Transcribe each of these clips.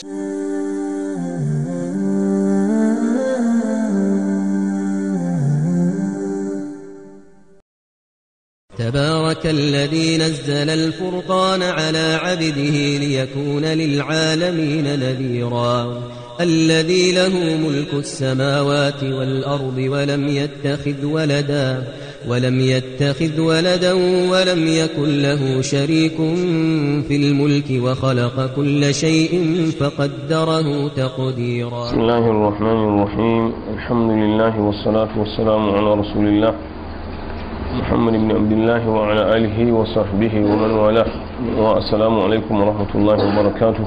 تبارك الذي نزل الفرقان على عبده ليكون للعالمين نذيرا الذي له ملك السماوات والأرض ولم يتخذ ولداً ولم يتخذ ولدا ولم يكن له شريك في الملك وخلق كل شيء فقدره تقديرا بسم الله الرحمن الرحيم الحمد لله والصلاة والسلام على رسول الله محمد بن عبد الله وعلى آله وصحبه ومن والاه والسلام عليكم ورحمة الله وبركاته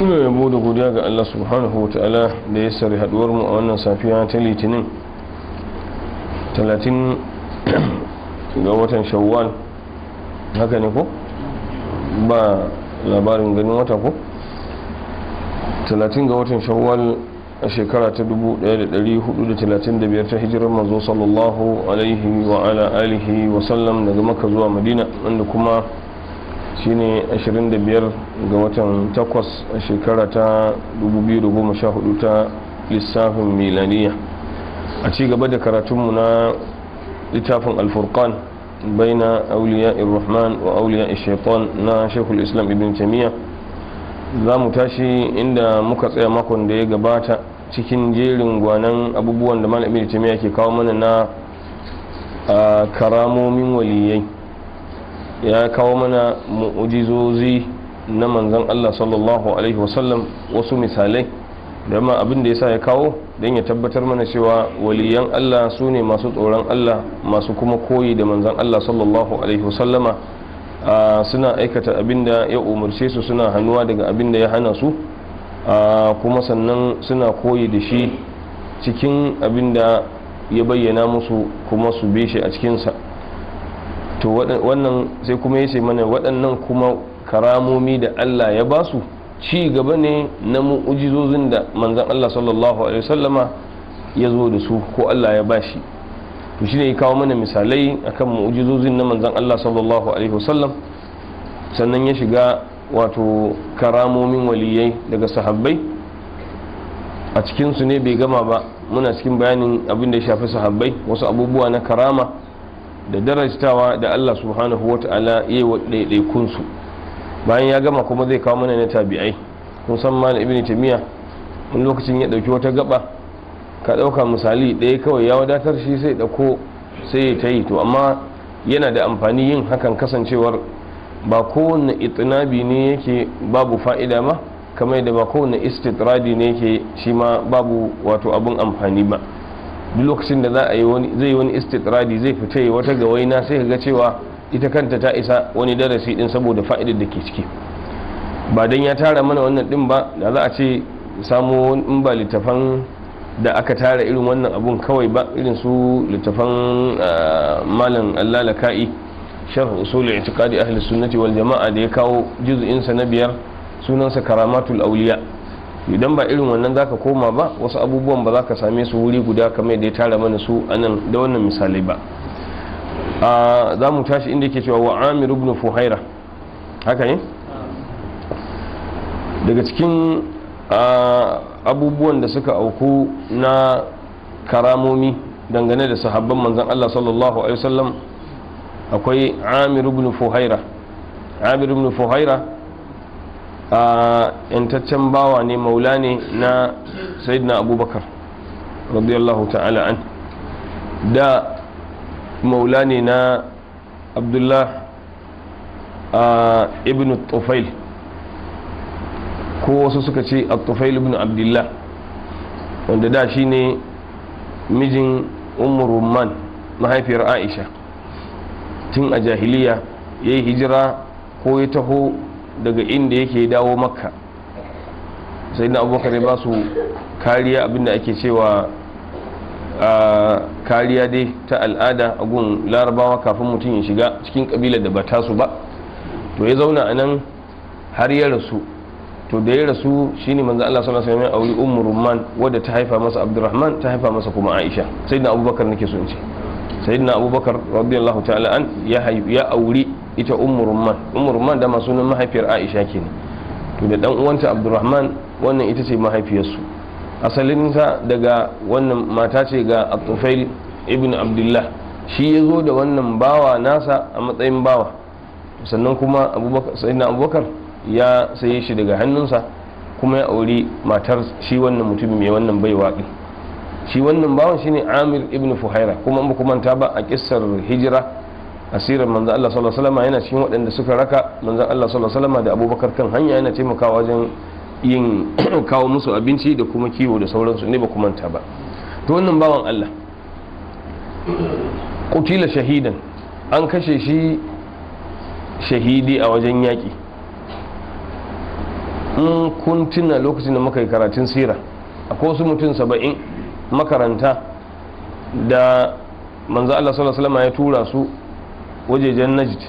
Ina yabo da الله سبحانه وتعالى subhanahu هدور مؤمنا سافيات ya talatin ga watan shawwal haka ne ko ba labarin ganin wata ko talatin ga watan shawwal a shekara ta 1435 ta hijirar mazo sallallahu alaihi wa ala alihi wa sallam daga maka zuwa madina wanda kuma shi shine 25 ga watan 8 a shekara ta 2014 ta lissafin milaniya a ci gaba da karatunmu na littafin alfurkan bai na auliya irrahman wa auliya ishaifon na shekul islam ibn tamiya za mu tashi inda muka tsaya makon da ya gabata cikin jerin gwanan abubuwan da malam ibn tamiya ke kawo mana na karamomin waliyai ya kawo mana mu'ujizozi na manzan allah sallallahu alaihi wasallam wasu misalai dama abin da ya sa ya kawo don ya tabbatar mana cewa waliyan Allah su ne masu tsoron Allah masu kuma koyi da manzan Allah sallallahu alaihi wasallama suna aikata abin da ya umarce su suna hannuwa daga abin da ya hana su kuma sannan suna koyi da shi cikin abin da ya bayyana musu kuma su be shi a cikinsa to wannan sai kuma ya ce mana waɗannan kuma karamomi da Allah ya ba su ci gaba ne na mu'ujizozin da manzan Allah sallallahu alaihi wasallama ya zo da su ko Allah ya bashi to shi ne ya kawo mana misalai akan mu'ujizozin na manzan Allah sallallahu alaihi wasallam sannan ya shiga wato karamomin waliyai daga sahabbai a cikinsu ne bai gama ba muna cikin bayanin abin da ya shafi sahabbai wasu abubuwa na karama da darajtawa da Allah subhanahu wa ta'ala ya yi wa ɗaiɗaikunsu bayan ya gama kuma zai kawo mana na tabi'ai kun san ma ibn tamiya wani lokacin ya dauki wata gaba ka dauka misali ɗaya kawai ya wadatar shi sai dauko sai ya tayi to amma yana da amfani yin hakan kasancewar ba kowane itinabi ne yake babu fa'ida ma kamar yadda ba kowane istitradi ne yake shi ma babu wato abun amfani ba duk lokacin da za a yi wani zai wani istitradi zai fita wata gawaina sai ka ga cewa ita kanta ta isa wani darasi din saboda fa'idar da ke ciki ba don ya tara mana wannan din ba da za a ce samo in ba littafan da aka tara irin wannan abun kawai ba irin su littafan ah, malam allalaka'i sharh usul i'tiqadi ahli sunnati wal jama'a da ya kawo sa na biyar sunansa karamatul auliya idan ba irin wannan zaka koma ba wasu abubuwan ba za ka same su wuri guda kamar da ya tara mana su anan da wannan misalai ba za mu tashi inda yake cewa wa amir ibn fuhaira haka ne daga cikin abubuwan da suka auku na karamomi dangane da sahabban manzan Allah sallallahu alaihi wasallam akwai amir ibn fuhaira amir ibn fuhaira a yantaccen bawa ne maula ne na sayyidina abubakar radiyallahu ta'ala an da maula ne na abdullah ibn tufail ko wasu suka ce tufail ibn abdullah wanda da shi ne mijin umar man mahaifiyar aisha tun a jahiliya ya yi hijira ko ya taho daga inda yake dawo makka sai na abokan ya ba su kariya abinda ake cewa kariya dai ta al'ada a gun larabawa kafin mutum ya shiga cikin kabila da ba tasu ba to ya zauna a nan har ya rasu to da ya rasu shine manzo Allah sallallahu alaihi wasallam auri ummu rumman wadda ta haifa masa abdurrahman ta haifa masa kuma aisha sayyidina abubakar nake so in ce sayyidina abubakar radiyallahu ta'ala an ya auri ita ummu rumman ummu rumman da sunan mahaifiyar aisha kenan to da dan uwanta abdurrahman wannan ita ce mahaifiyarsu asalinsa daga wannan mata ce ga atufail ibn abdullah shi ya zo da wannan bawa nasa a matsayin bawa sannan kuma sayyidina abubakar ya saye shi daga hannunsa kuma ya auri matar shi wannan mutumin mai wannan baiwa ɗin shi wannan bawan shine amir ibn fuhaira kuma ba kuma ta ba a kissar hijira asirin manzan Allah sallallahu alaihi yana cikin waɗanda suka raka manzan Allah sallallahu alaihi da abubakar kan hanya yana taimakawa wajen yin kawo musu abinci da kuma kiwo da sauransu ne ba kuma ta ba to wannan bawan Allah kutila shahidan an kashe shi shahidi a wajen yaki in kun tuna lokacin da muka yi karatun sira akwai wasu mutum saba'in makaranta da manzo Allah sallallahu alaihi ya tura su wajejen najd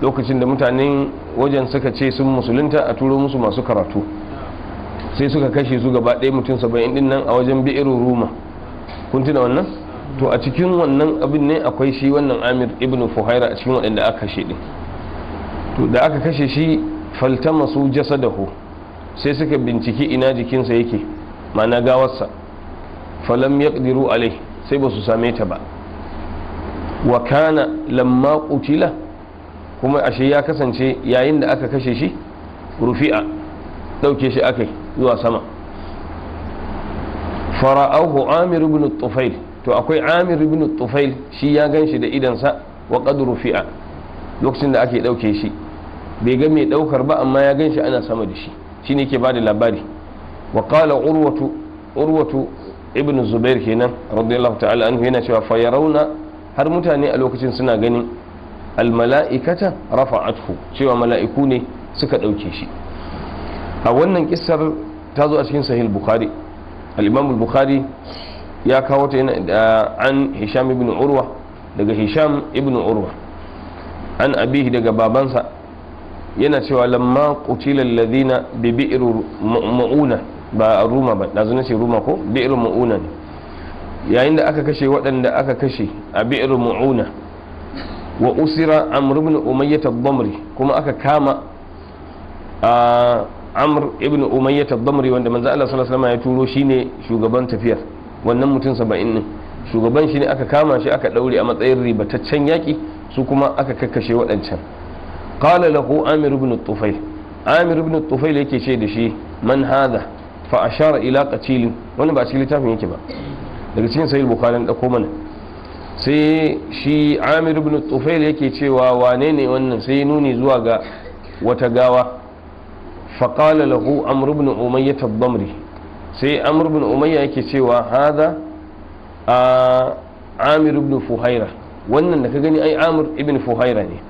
lokacin da mutanen wajen suka ce sun musulunta a turo musu masu karatu sai suka kashe su gaba ɗaya mutum saba'in din nan a wajen bi'irin ruma kun tuna wannan to a cikin wannan abin ne akwai shi wannan amir ibn fuhaira a cikin waɗanda aka kashe ɗin to da aka kashe shi faltama su jasadahu sai suka binciki ina jikinsa yake ma'ana gawarsa falam yaqdiru alai sai ba su same ta ba wa kana lamma qutila kuma ashe ya kasance yayin da aka kashe shi rufi'a ɗauke shi akai zuwa sama fara'ahu amir ibn tufail to akwai amir ibn tufail shi ya ganshi shi da idansa wa qadru rufi'a lokacin da ake dauke shi bai ga mai daukar ba amma ya ganshi ana sama da shi shine ke bada labari wa qala urwatu urwatu ibn zubair kenan radiyallahu ta'ala anhu yana cewa fa yarawna har mutane a lokacin suna ganin al mala'ikata rafa'athu cewa mala'iku ne suka dauke shi a wannan kisar ta zo a cikin sahih bukhari al-imam bukhari ya kawo ta yana an hisham ibn urwa daga hisham ibn urwa an abihi daga babansa yana cewa lamma qutila alladhina bi bi'r mauna ba ruma ba dazu ne ruma ko bi'r mauna ne yayin da aka kashe waɗanda aka kashe a bi'r mauna wa usira amr ibn umayyah ad-damri kuma aka kama a amr ibn umayyah ad-damri wanda manzo Allah sallallahu alaihi wasallam ya turo shine shugaban tafiyar wannan mutum 70 din shugaban shi ne aka kama shi aka daure a matsayin ribataccen yaki su kuma aka kakkashe waɗancan qala lahu amir ibn tufayl amir ibn tufayl yake ce da shi man hadha fa ashara ila qatil wani ba cikin littafin yake ba daga cikin sahih bukhari da dauko mana sai shi amir ibn tufayl yake cewa wane ne wannan sai nuni zuwa ga wata gawa faƙala lahu amr ibn umayya tabbamri sai amr ibn umayya yake cewa hada a amir ibn fuhaira wannan da ka gani ai amir ibn fuhaira ne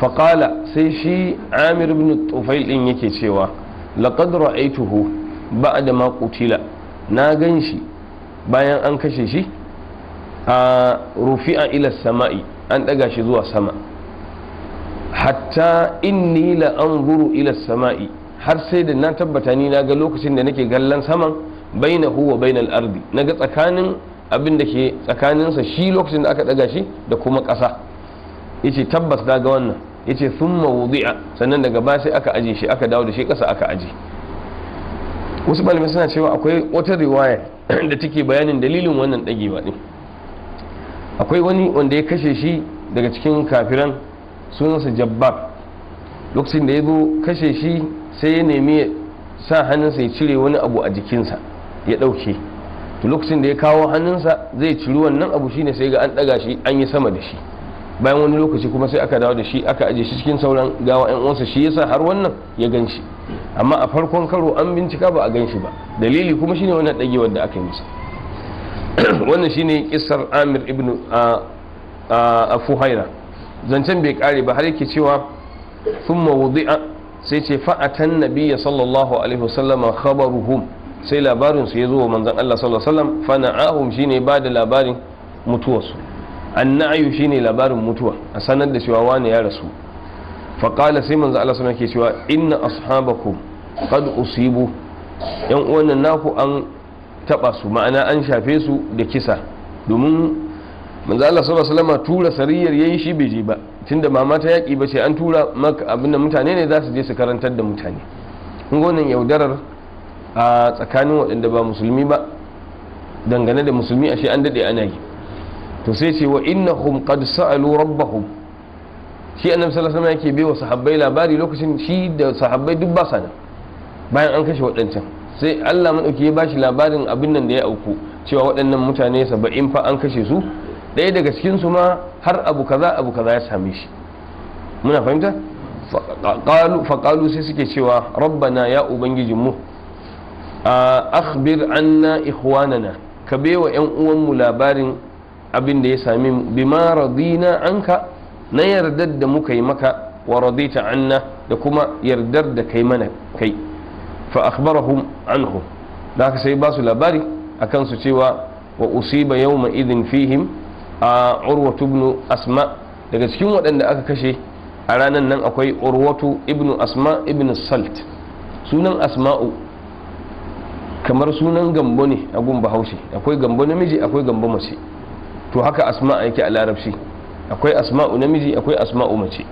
faƙala sai shi amir ibn tufail din yake cewa laqad ra'aytuhu ba'da ma qutila na gan shi bayan an kashe shi a rufi'a ila sama'i an ɗaga shi zuwa sama hatta inni la anzuru ila sama'i har sai da na tabbata ni na ga lokacin da nake gallan saman bainahu wa bainal ardi naga tsakanin abin da ke tsakaninsa shi lokacin da aka daga shi da kuma ƙasa yace tabbas na ga wannan yace thumma wudi'a sannan daga ba sai aka aje shi aka dawo da shi ƙasa aka aje wasu malamai suna cewa akwai wata riwaya da take bayanin dalilin wannan dagewa din akwai wani wanda ya kashe shi daga cikin kafiran sunansa jabbab lokacin da ya zo kashe shi sai ya nemi sa hannunsa ya cire wani abu a jikinsa ya ɗauke to lokacin da ya kawo hannunsa zai ciri wannan abu shine sai ga an ɗaga shi an yi sama da shi bayan wani lokaci kuma sai aka dawo da shi aka aje shi cikin sauran gawa yan uwansa shi yasa har wannan ya gan amma a farkon karo an bincika ba a ganshi ba dalili kuma shine wannan ɗagewar da aka yi masa wannan shine kissar amir ibn a fuhaira zancen bai kare ba har yake cewa thumma wudi'a sai ce fa'atan nabiya sallallahu alaihi wasallam khabaruhum sai labarin su ya zo wa manzon Allah sallallahu alaihi wasallam fana'ahum shine ba da labarin mutuwarsu annayu shine labarin mutuwa a sanar da cewa wani ya rasu faƙala sai manzo Allah sama ke cewa inna ashabakum qad usibu yan uwan naku an taba su ma'ana an shafe su da kisa domin manzo Allah sallallahu alaihi wasallam tura sariyar yayin shi bai je ba tunda mama ta yaki ba ce an tura maka abinda mutane ne za su je su karantar da mutane kun ga wannan yaudarar a tsakanin waɗanda ba musulmi ba dangane da musulmi ashe an dade ana yi to sai ce wa innahum qad sa'alu rabbahum shi annabi sallallahu alaihi wasallam yake bai wa sahabbai labari lokacin shi da sahabbai duk ba sana bayan an kashe waɗancan sai Allah madauki ya bashi labarin abin nan da ya auku cewa waɗannan mutane saba'in fa an kashe su ɗaya daga cikin su ma har abu kaza abu kaza ya same shi muna fahimta faƙalu sai suke cewa rabbana ya ubangijinmu a akhbir anna ikhwanana ka bewa yan uwanmu labarin abin da ya sami bima radina anka na yardar da muka yi maka wa radita anna da kuma yardar da kai mana kai fa akhbarahum anhu da haka sai ba su labari akan su cewa wa usiba yawma idin fihim a urwatu ibn asma daga cikin waɗanda aka kashe a ranar nan akwai urwatu ibn asma ibn salt sunan asma'u kamar sunan gambo ne a gun bahaushe akwai gambo namiji akwai gambo mace to haka asma yake a larabci akwai asma'u namiji akwai asma'u mace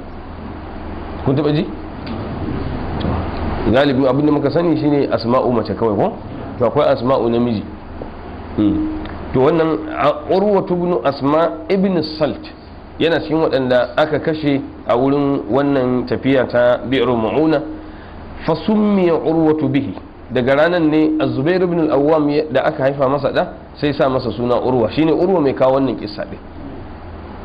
kun taba ji galibin abinda muka sani shine asma'u mace kawai ko to akwai asma'u namiji hmm. to wannan urwatu ibn asma ibn salt yana cikin waɗanda aka kashe a wurin wannan tafiya ta bi'ru mu'una fa summiya urwatu bihi daga ranar ne a zubair ibn al-awwam da aka haifa masa da sai sa masa suna urwa shine urwa mai kawo wannan kisa din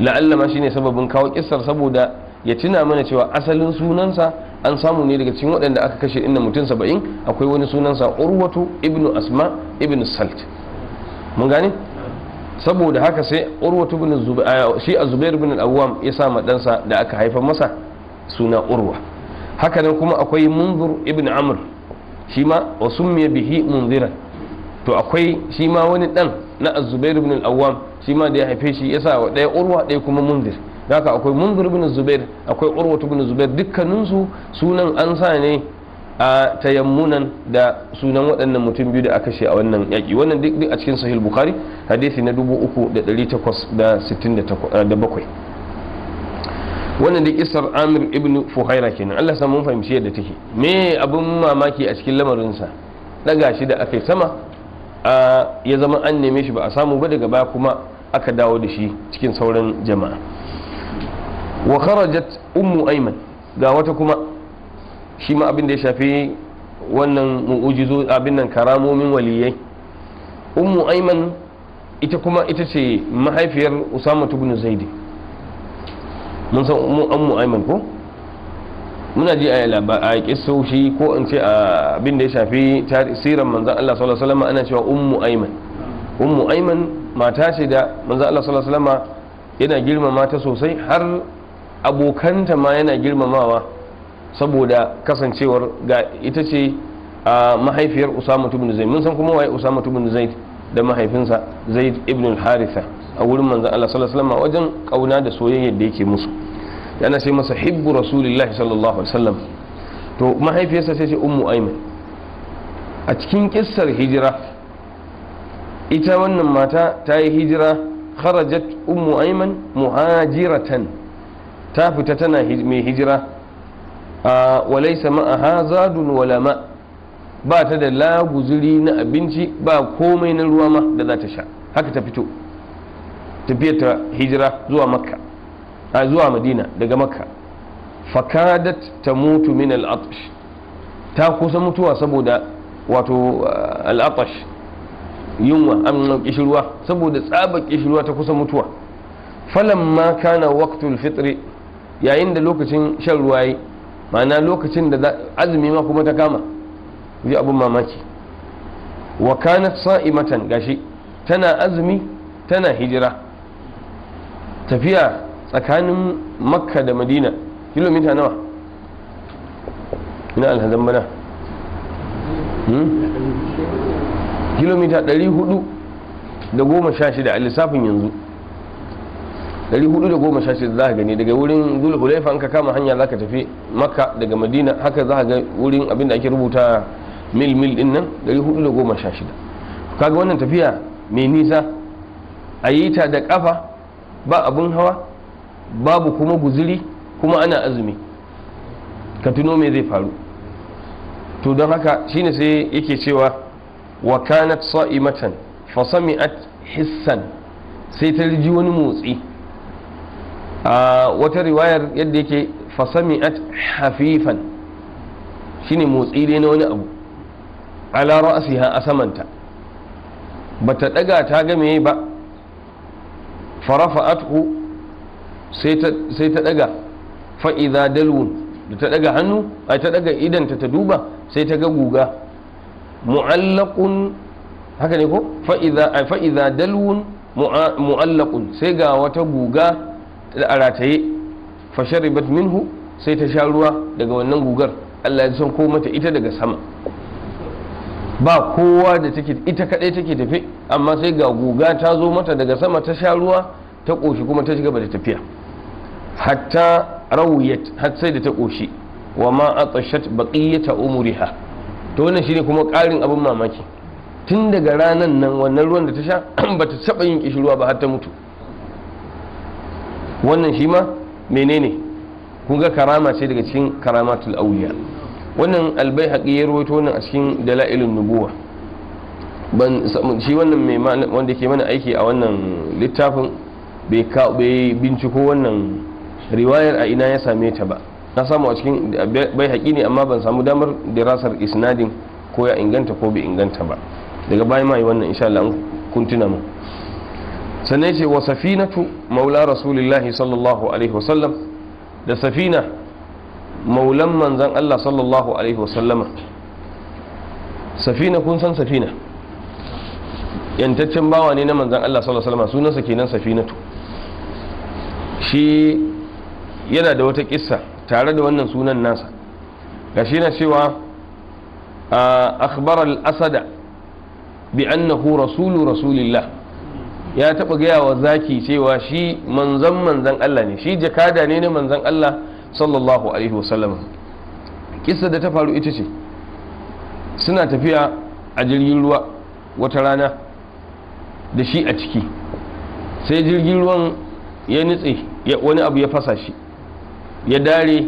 la'alla ma shine sababin kawo kisar saboda ya tuna mana cewa asalin sunansa an samu ne daga cikin waɗanda aka kashe inda mutum saba'in akwai wani sunansa urwatu ibn asma ibn salt mun gane saboda haka sai urwa ibn shi a zubair al-awwam ya sa ma da aka haifa masa suna urwa haka nan kuma akwai munzur ibn amr shi ma wa summiya bihi munziran to akwai shi ma wani dan na a zubair al-awwam shi ma da ya haife shi ya sa wa daya urwa daya kuma munzir haka akwai munzur bin zubair akwai urwa ibn zubair dukkaninsu sunan an sa ne a tayammunan da sunan waɗannan mutum biyu da aka shi a wannan yaƙi wannan duk a cikin sahil bukhari hadisi na 3867 wannan duk isar amir ibn fuhaira kenan Allah samu mun fahimci yadda take me abin mamaki a cikin lamarinsa daga shi da aka yi sama ya zama an neme shi ba a samu ba daga baya kuma aka dawo da shi cikin sauran jama'a wa kharajat ummu ayman ga wata kuma shi ma abin da ya shafi wannan mu'ujizo abin nan karamomin waliyai ummu aiman ita kuma ita ce mahaifiyar usama ibn zaidi mun san ummu aiman ko muna ji a a shi ko in ce abin da ya shafi tasirin manzan Allah sallallahu alaihi wasallam ana cewa ummu aiman ummu aiman mata ce da manzan Allah sallallahu alaihi wasallam yana girmama ta sosai har abokanta ma yana girmamawa saboda kasancewar ga ita ce a mahaifiyar usama tubin zaid mun san kuma waye usama tubin zaid da mahaifinsa zaid ibn haritha a wurin manzan Allah sallallahu alaihi wajen kauna da soyayyar da yake musu yana sai masa hibbu rasulullahi sallallahu alaihi wasallam to mahaifiyarsa sai ce ummu aiman a cikin kissar hijira ita wannan mata ta yi hijira kharajat ummu aiman muhajiratan ta fita tana mai hijira walaisa ma'aha zadun wala ma ba ta da laguziri na abinci ba komai na ruwa ma da za ta sha haka ta fito tafiyar ta hijira zuwa makka a zuwa madina daga makka fakadat ta mutu min al'atash ta kusa mutuwa saboda wato al'atash yunwa amnan kishirwa saboda tsaba kishirwa ta kusa mutuwa falamma kana waqtul fitri yayin da lokacin shan ruwa ma'ana lokacin da azumi ma kuma ta kama ji abin mamaki wa kanat sa'imatan gashi tana azumi tana hijira tafiya tsakanin makka da madina kilomita nawa ina alhazan bana hmm? kilomita shida a lissafin yanzu 416 za a gani daga wurin hulaifa an ka kama hanya za ka tafi makka daga madina haka za a ga wurin abinda ake rubuta mil mil din nan 416 kaga wannan tafiya mai nisa a yi ta da kafa ba abun hawa babu kuma guziri kuma ana azumi ka tuno me zai faru to don haka shine sai yake cewa wa kanat sa'imatan fa sami'at hissan sai ta ji wani motsi wata riwayar yadda yake fasami'at hafifan shine motsi dai na wani abu ala ra'siha a samanta bata daga ta ga meye ba farafa'athu sai ta sai ta daga fa dalwun da ta daga hannu ai ta daga idanta ta duba sai ta ga guga mu'allaqun haka ne ko fa idza dalwun mu'allaqun sai ga wata guga a rataye fasharibat minhu sai ta sha ruwa daga wannan gugar Allah ya san ko mata ita daga sama ba kowa da take ita kadai take tafi amma sai ga guga ta zo mata daga sama ta sha ruwa ta koshi kuma ta shiga da tafiya hatta rawiyat har sai da ta koshi wa ma atashat baqiyata umriha to wannan shine kuma karin abin mamaki tun daga ranan nan wannan ruwan da ta sha bata saba yin kishirwa ba har ta mutu wannan shi ma menene kun ga karama ce daga cikin karamatul auliya wannan albai haƙi ya rawaito wannan a cikin dala'ilin nubuwa ban shi wannan mai wanda ke mana aiki a wannan littafin bai binciko wannan riwayar a ina ya same ta ba na samu a cikin bai haƙi ne amma ban samu damar dirasar isnadin ko ya inganta ko bai inganta ba daga baya ma yi wannan insha Allah an kuntuna mu sannan ce wa safinatu maula rasulillahi sallallahu alaihi wasallam da safina maulan manzan Allah sallallahu alaihi wasallama safina kun san safina yantaccen bawa ne na manzan Allah sallallahu alaihi wasallama sunansa kenan safinatu shi yana da wata kissa tare da wannan sunan nasa shi na cewa ah, akhbar al-asada bi annahu rasulu rasulillah ya taɓa gaya wa zaki cewa shi manzan manzan Allah ne shi jakada ne na manzan Allah sallallahu alaihi wasallam kissa da ta faru ita ce suna tafiya a jirgin ruwa wata rana da shi a ciki sai jirgin ruwan ya nutse wani abu ya fasa shi ya dare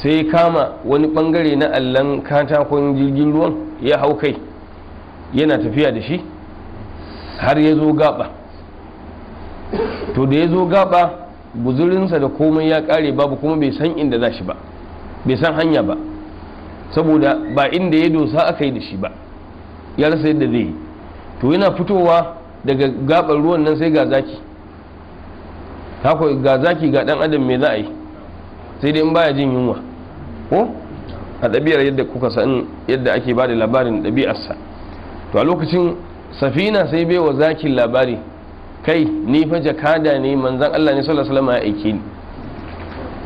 sai kama wani bangare na allon katakon jirgin ruwan ya hau kai yana tafiya da shi har ya zo gaba to da ya zo gaba guzurinsa da komai ya kare babu kuma bai san inda za shi ba bai san hanya ba saboda ba inda ya dosa aka yi da shi ba ya rasa yadda zai yi to yana fitowa daga gabar ruwan nan sai ga zaki ga zaki ga dan adam mai za yi sai dai in baya jin yunwa ko a ɗabi'ar yadda kuka san yadda ake ba da labarin ɗabi'arsa to a lokacin safina sai bai wa zakin labari kai ni fa jakada ne manzan Allah ne sallallahu alaihi wasallam ya aike ni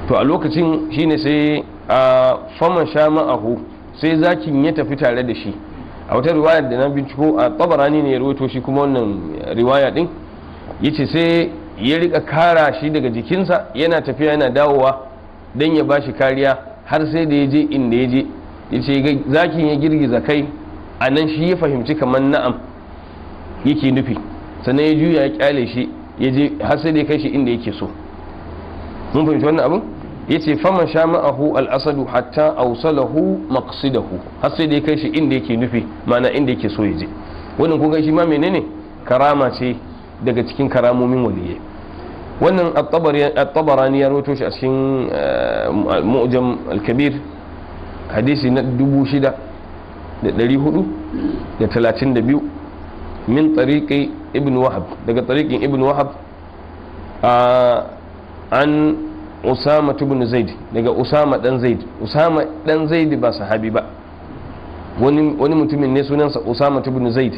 to a lokacin shine sai a faman shama ahu sai zakin ya tafi tare da shi a wata riwaya da na binciko a tabarani ne ya rawaito shi kuma wannan riwaya din yace sai ya rika kara shi daga jikinsa yana tafiya yana dawowa dan ya bashi kariya har sai da ya je inda ya je yace zakin ya girgiza kai a nan shi ya fahimci kamar na'am yake nufi sannan ya juya ya kyale shi ya je har sai da ya kai shi inda yake so mun fahimci wannan abin ya ce fama sha ma'ahu al'asadu hatta ausalahu maqsidahu har sai da ya kai shi inda yake nufi mana inda yake so ya je wannan kun shi ma menene karama ce daga cikin karamomin waliyyi wannan at-tabarani ya rawaito shi a cikin eh, mu'jam al-kabir hadisi na 6432 min tariqi ibn wahab daga tariqin ibn wahab an usama ibn zaid daga usama dan zaid usama dan zaid ba sahabi ba wani mutumin ne sunansa usama ibn zaid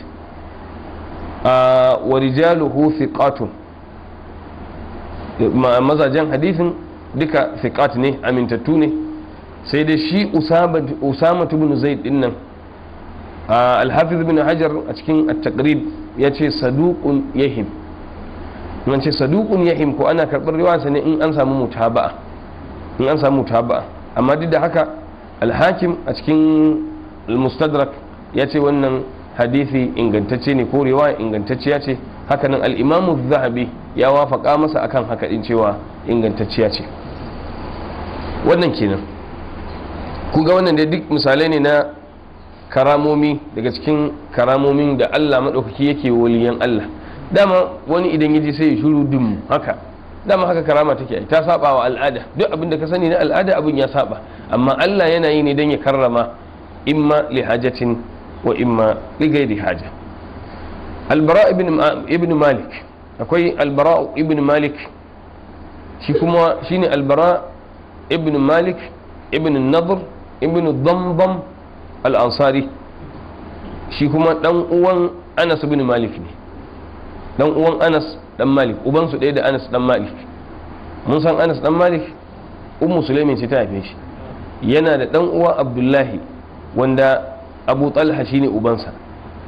wa rijaluhu thiqatun mazajen hadisin duka thiqat ne amintattu ne sai da shi usama ibn zaid din alhafiz bin hajar a cikin at-taqrib ya ce saduqun yahim man ce saduqun yahim ko ana karɓar riwayarsa ne in an samu mutaba'a in an samu mutaba'a amma duk da haka alhakim a cikin al-mustadrak ya ce wannan hadisi ingantacce ne ko riwaya ya ce hakanan al-imamu zahabi ya wafaka masa akan haka din cewa ya ce wannan kenan ku ga wannan dai duk misalai ne na karamomi daga cikin karamomin da Allah maɗaukaki yake waliyan Allah dama wani idan yaji sai ya shuru dum haka dama haka karama take ta saba wa al'ada duk abin da ka sani na al'ada abin ya saba amma Allah yana yi ne don ya karrama imma li hajatin wa imma li ghairi haja albara ibn malik akwai albara ibn malik shi kuma shine albara ibn malik ibn nadr ibn damdam al'ansari shi kuma ɗan'uwan uwan anas bin malik ne ɗan'uwan anas ɗan malik ubansu ɗaya da anas ɗan malik mun san anas ɗan malik un musulmi ce ta haife shi yana da ɗan uwan abdullahi wanda abu talha ne ubansa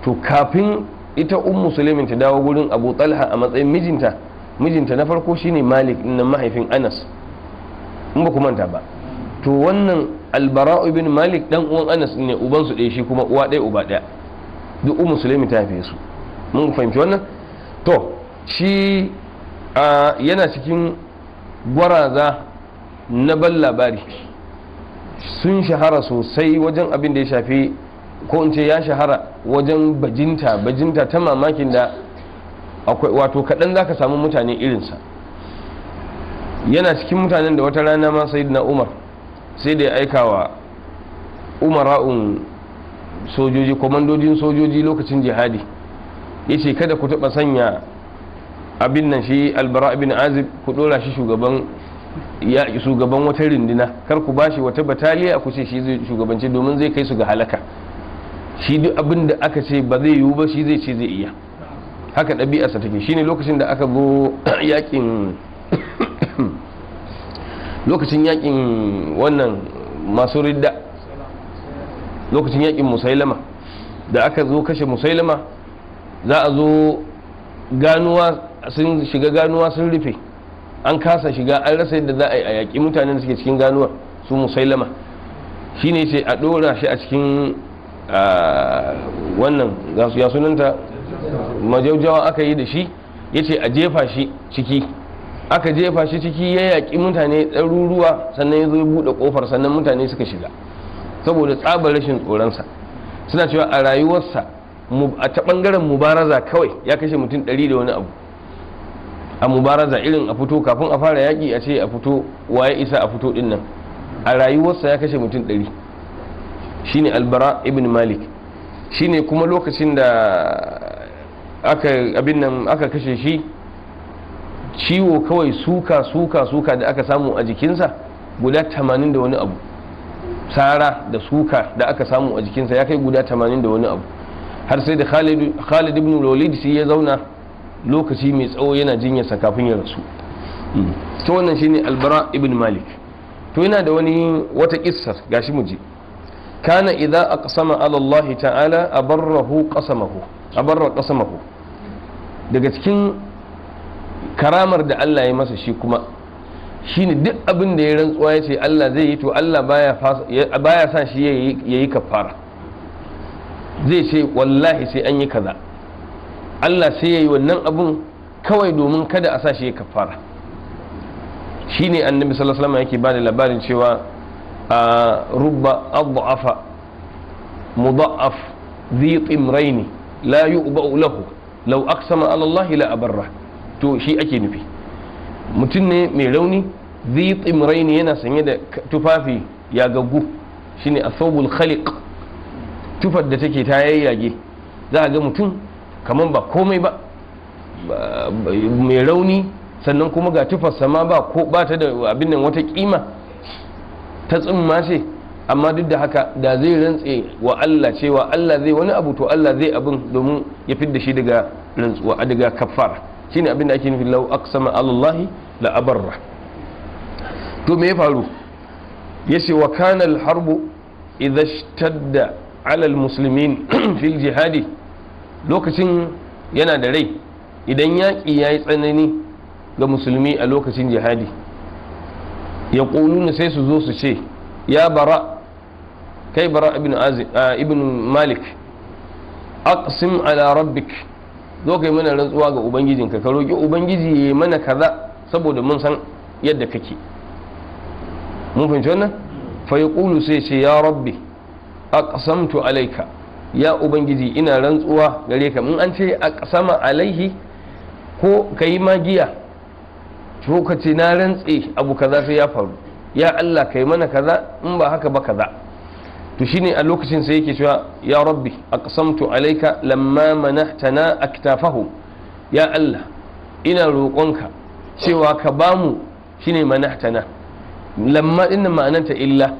to kafin ita un musulmi ta dawo wurin abu talha a matsayin mijinta mijinta na farko shine malik nan mahaifin anas in ba manta ba to wannan albara ibn malik dan uwan anas ne uban su ɗaya shi kuma uwa ɗaya uba ɗaya duk ummu sulaimi ta haife su mun fahimci wannan to shi yana cikin gwaraza na ban labari sun shahara sosai wajen abin da ya shafi ko in ce ya shahara wajen bajinta bajinta ta mamakin da akwai wato kaɗan zaka samu mutane irinsa yana cikin mutanen da wata rana ma sai na umar sai da ya aika wa umara'un sojoji kwamandojin sojoji lokacin jihadi ya ce kada ku taɓa sanya abin nan shi albara abin azib ku ɗora shi shugaban ya shugaban wata rindina kar ku bashi wata bataliya ku ce shi zai shugabanci domin zai kai su ga halaka shi duk abin da aka ce ba zai yiwu ba shi zai ce zai iya haka ɗabi'arsa take shine lokacin da aka zo yakin lokacin yakin wannan masu ridda lokacin yakin musailama da aka zo kashe musailama za a zo ganuwa sun shiga ganuwa sun rufe an kasa shiga an rasa yadda za a yi a yaƙi mutanen da suke cikin ganuwa su musailama shi ne ce a ɗora shi a cikin wannan ya sunanta majaujawa aka yi da shi ya ce a jefa shi ciki aka jefa shi ciki ya yaƙi mutane ɗaruruwa sannan ya zo buɗe ƙofar sannan mutane suka shiga saboda tsabar rashin tsoronsa suna cewa a rayuwarsa a ta ɓangaren mubaraza kawai ya kashe mutum ɗari da wani abu a mubaraza irin a fito kafin a fara yaƙi a ce a fito waye isa a fito dinnan a rayuwarsa ya kashe mutum ɗari shine albara ibn malik shine kuma lokacin da aka aka kashe shi ciwo kawai suka suka suka da aka samu a jikinsa guda tamanin da wani abu tsara da suka da aka samu a jikinsa ya kai guda tamanin da wani abu har sai da khalid ibn walid sai ya zauna lokaci mai tsawo yana jinyarsa kafin ya rasu hmm. ta wannan shine albara ibn malik to yana da wani wata kissar gashi mu je kana idza aqsama ala allah ta'ala abarrahu qasamahu abarra qasamahu daga cikin karamar da Allah ya masa shi kuma shine duk abin da ya rantsuwa ya ce Allah zai yi to Allah baya sa shi ya yi kafara zai ce wallahi sai an yi kaza Allah sai ya yi wannan abin kawai domin kada a sa shi ya kafara ne annabi sallallahu alaihi yake ba da labarin cewa rubba adhafa mudha'af dhi timraini la yi lahu ulahu lau alallahi Allah la abarra. to shi ake nufi mutum ne mai rauni zai tsimrai ne yana sanye da tufafi ya gaggu shine asabul khaliq tufar da take ta yayyage za a ga mutum kamar ba komai ba mai rauni sannan kuma ga tufar sama ba ko ba ta da abin nan wata kima ta tsimma ce amma duk da haka da zai rantse wa Allah cewa Allah zai wani abu to Allah zai abin domin ya da shi daga rantsuwa daga kafara shine abin da ake nufi lau aqsama allahi la abarra to me ya faru yace wa kana al harbu idha ishtadda ala al muslimin fil jihadi lokacin yana da rai idan yaƙi ya yi tsanani ga musulmi a lokacin jihadi ya na sai su zo su ce ya bara kai bara ibn malik aqsim ala rabbik zo ka yi mana rantsuwa ga ubangijinka ka roƙi ubangiji ya mana kaza saboda mun san yadda kake mun fahimci wannan fa yaqulu sai ce ya rabbi aqsamtu alayka ya ubangiji ina rantsuwa gare ka mun an ce aqsama alaihi ko kai magiya To ka ce na rantse abu kaza sai ya faru ya Allah kai mana kaza in ba haka ba kaza to shine a lokacin sai yake cewa ya rabbi aqsamtu alayka lamma manahtana aktafahu ya Allah ina roƙonka cewa ka bamu shine manahtana lamma din ma'ananta illa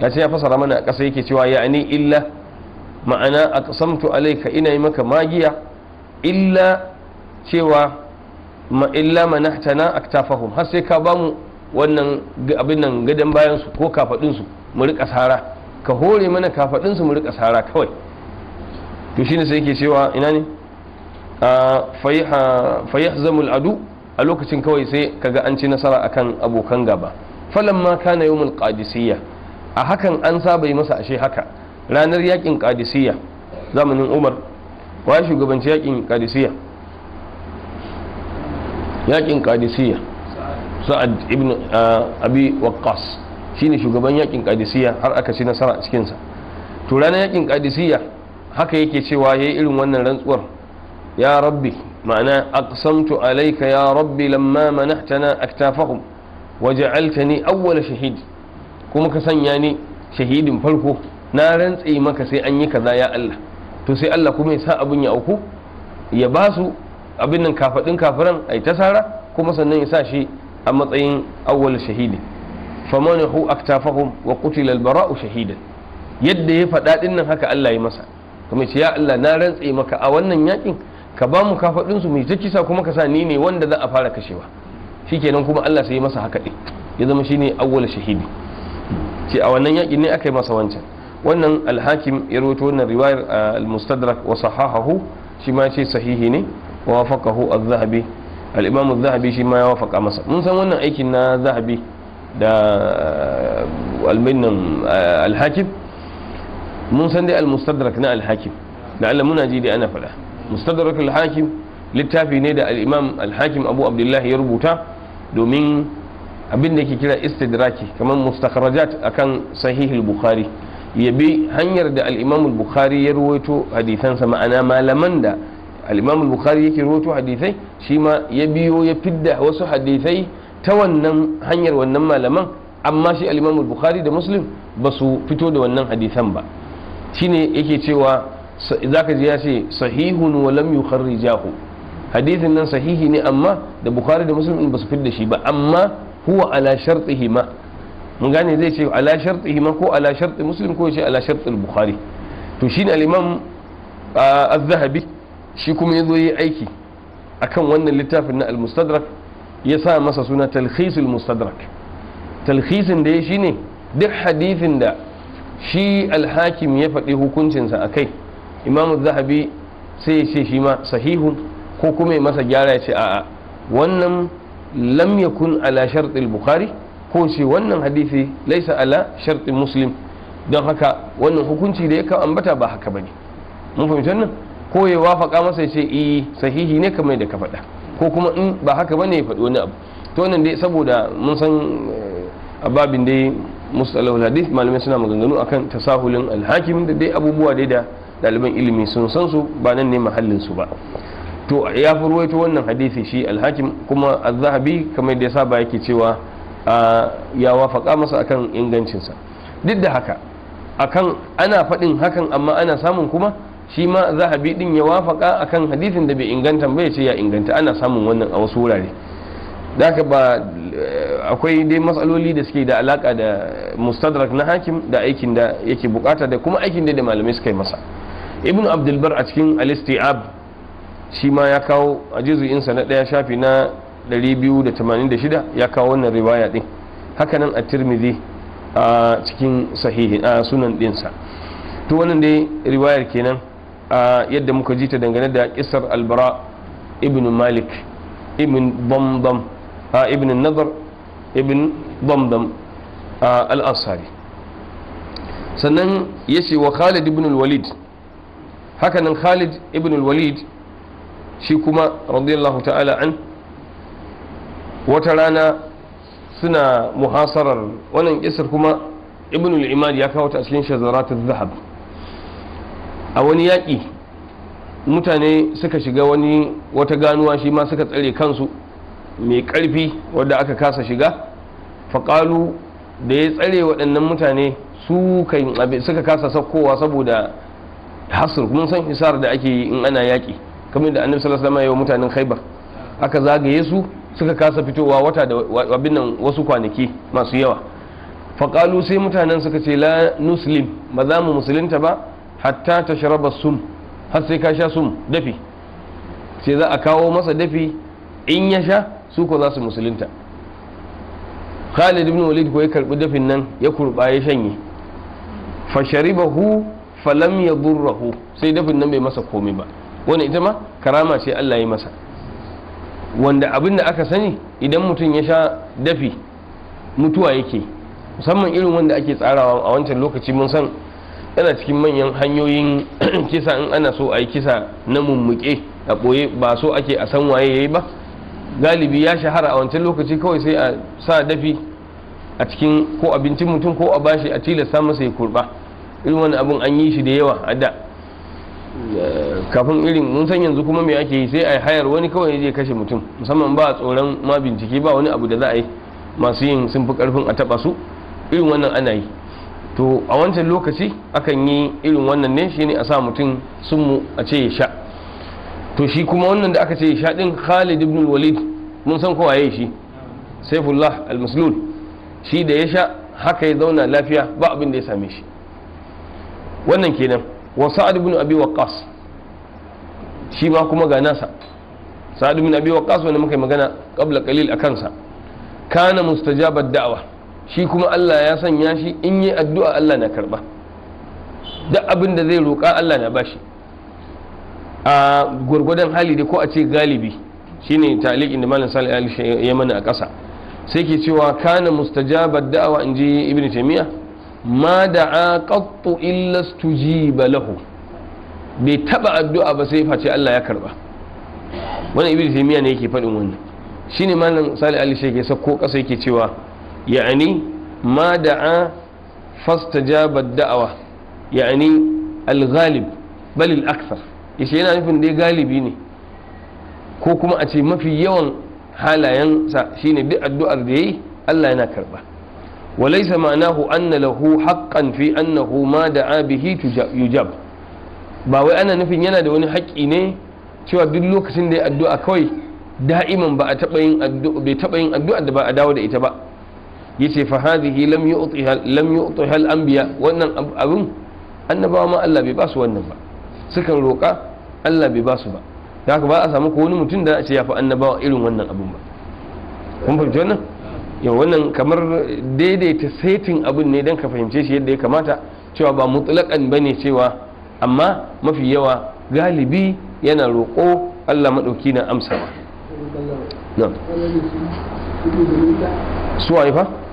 ya ce ya fasara mana ƙasa yake cewa ne illa ma'ana aqsamtu alayka ina yi maka magiya illa cewa ma illa manahtana aktafahum har sai ka bamu wannan abin nan gadan bayan su ko kafadin su mu rika sara ka hore mana kafaɗinsu mu rika sara kawai to shi ne sai yake cewa ina ne فيحزم العدو a lokacin kawai sai kaga an ci nasara akan abokan gaba falon ma kana yawmul qadisiyya a hakan an saba yi masa ashe haka ranar yakin qadisiyya zamanin Umar wa shugabanci yakin qadisiyya yakin qadisiyya Sa'ad ibn Abi Waqqas shine shugaban yakin kadisiya har aka ci nasara a cikinsa to ranar yakin kadisiya haka yake cewa yi irin wannan rantsuwar ya rabbi ma'ana aqsamtu alayka ya rabbi lamma manahtana aktafahum waja'altani awwala shahid kuma ka sanya ni shahidin farko na rantsi maka sai an yi kaza ya Allah to sai Allah kuma ya sa abin ya auku ya ba su abin nan kafadin kafiran ai ta sara kuma sannan ya sa shi a matsayin awwal shahidi famanahu aktafahum wa qutila al-bara'u shahidan yadda ya faɗa din nan haka Allah ya masa kuma ce ya Allah na rantse maka a wannan yakin ka ba mu kafadin su mai ta kisa kuma ka sa ni ne wanda za a fara kashewa shikenan kuma Allah sai ya masa haka din ya zama shine awwal shahidi ce a wannan yakin ne aka masa wancan wannan al-hakim ya rawaito wannan riwayar al-mustadrak wa sahahahu shi ma ce sahihi ne wa wafaqahu az-zahabi al-imam al zahabi shi ma ya wafaqa masa mun san wannan aikin na zahabi da eh, alminnan eh, alhakim mun san dai almustadrak na alhakim da Allah muna ji dai ana faɗa mustadrak alhakim littafi ne da al'imam alhakim abu abdullahi ya rubuta domin abin da yake kira istidraki kamar mustakharajat akan sahihul bukhari ya bi hanyar da al'imam bukhari ya ruwaito hadisansa ma'ana malaman da al'imam bukhari yake ruwaito hadisai shi ma ya biyo ya fidda wasu hadisai ta wannan hanyar wannan malaman amma shi al-Imam bukhari da Muslim ba su fito da wannan hadisan ba shine yake cewa zaka ji ya ce sahihun wa lam yukharrijahu hadisin nan sahihi ne amma da bukhari da muslim ba su fidda shi ba amma huwa ala shartihi ma mun gane zai ce ala shartihi ma ko ala sharti muslim ko ya ce ala sharti bukhari to shine al-imam az-zahabi shi kuma yazo yi aiki akan wannan littafin na al-mustadrak ya sa masa suna talhisul mustadrak talhisin da ya shi ne duk hadithin da shi alhakim ya faɗi hukuncinsa a kai imamu zahabi sai ya ce shi ma sahihun ko kuma ya masa gyara ya ce a'a wannan lam yakun ala shartil bukhari ko ce wannan hadithi laisa ala sharɗin muslim don haka wannan hukunci da ya ambata ba haka bane mun fahimci nan ko ya wafaka masa ya ce eh, sahihi ne kamar da ka faɗa ko kuma in ba haka bane ya faɗi wani abu to wannan dai saboda mun san eh, ababin dai musallahu hadith malamai suna maganganu akan tasahulin alhakim da dai abubuwa dai da ɗaliban ilimi sun san su ba nan ne mahallin su ba to ya furwaito ruwaito wannan hadisi shi alhakim kuma az-zahabi kamar da ya saba yake cewa ya wafaka masa akan ingancinsa duk da haka akan ana faɗin hakan amma ana samun kuma shi ma zahabi din ya wafaka akan hadisin da bai inganta bai ce ya inganta ana samun wannan a wasu wurare aka ba eh, akwai dai matsaloli da suke da alaka da mustadrak na hakim da aikin da yake bukata da kuma aikin da malamai suka yi masa ibn abdulbar a cikin alistiab shi ma ya kawo a insa na daya shafi na 286 ya kawo wannan riwaya din hakanan a tirmidhi a cikin sahihin a sunan dinsa to wannan dai riwayar kenan yadda muka ji ta dangane da kisar albara ibn malik ibn a ibn nazar ibn bambam al sannan ya ce wa khalid ibn walid hakanan khalid ibn walid shi kuma radiyallahu ta'ala an wata rana suna muhasarar wannan kisar kuma ibn al ya kawo ta a cikin shazaratun zahab a wani yaƙi mutane suka shiga wani wata ganuwa shi ma suka tsare kansu mai ƙarfi wadda aka kasa shiga faƙalu da ya tsare waɗannan mutane suka kasa saukowa saboda hasur mun san hisar da ake yi in ana yaƙi kamar da annabi sallallahu alaihi wasallam ya mutanen khaibar aka zagaye su suka kasa fitowa wata da abin nan wasu kwanaki masu yawa faƙalu sai mutanen suka ce la nuslim ba za mu musulunta ba hatta ta sharaba sum har sai ka sha sum dafi sai za a kawo masa dafi in ya sha su ko za su musulunta khalid ibn walid ko ya karbi dafin nan ya kurba ya shanye fa sharibahu lam yadurruhu sai dafin nan bai masa komai ba wani ita ma karama ce Allah ya masa wanda abin da aka sani idan mutum ya sha dafi mutuwa yake musamman irin wanda ake tsarawa a wancan lokaci mun san yana cikin manyan hanyoyin kisa in ana so a yi kisa na mummuke a ɓoye ba so ake a san waye ya yi ba galibi ya shahara a wancan lokaci kawai sai a sa dafi a cikin ko abincin mutum ko a bashi a tilasta masa ya kurba irin wani abin an yi shi da yawa a da kafin irin mun san yanzu kuma me ake yi sai a hayar wani kawai ya je kashe mutum musamman ba tsoron ma bincike ba wani abu da za a yi masu yin sun fi karfin a taba su irin wannan ana yi to a wancan lokaci akan yi irin wannan ne shi ne a sa mutum sun mu a ce ya sha to shi kuma wannan da aka ce ya sha din Khalid ibn Walid mun san kowa yayi shi Saifullah al-Maslul shi da ya sha haka ya zauna lafiya ba abin da ya same shi wannan kenan wa Sa'ad ibn Abi waqas shi ma kuma ga nasa Sa'ad ibn Abi waqas wanda muka yi magana qabla qalil akan sa kana mustajabad da'wa shi kuma Allah ya sanya shi in yi addu'a Allah na karba duk abin da zai roƙa Allah na bashi a gwargwadon hali da ko a ce galibi shine talikin da malam Ali ya mana a ƙasa sai ke cewa kana mustajabar da'awa in ji ibn taymiya ma da'a qattu illa stujiba lahu bai taba addu'a ba sai face Allah ya karba wannan ibn taymiya ne yake faɗin wannan shine malam salih al-shaykh ke sako ƙasa yake cewa يعني ما دعا فاستجاب الدعوة يعني balil بل الأكثر yace yana nufin dai galibi ne ko kuma a ce mafi yawan halayensa shine duk addu'ar da yayi Allah yana karba walaysa ma'anahu anna lahu haqqan fi annahu ma da'a bihi yujab ba wai ana nufin yana da wani haƙƙi ne cewa duk lokacin da ya addu'a kawai da'iman ba a taɓa yin addu'a bai taɓa yin addu'a da ba a dawo da ita ba yace fa hadhihi lam yu'tiha lam yu'tiha al-anbiya wannan abin annabawa ma Allah bai ba su wannan ba sukan roƙa Allah bai ba su ba da ba a samu ko wani mutum da a ce ya fi annabawa irin wannan abin ba kun fahimci wannan yau wannan kamar daidaita setin abin ne don ka fahimce shi yadda ya kamata cewa ba mutlaƙan ba ne cewa amma mafi yawa galibi yana roƙo allah maɗauki na amsa ba suwa fa?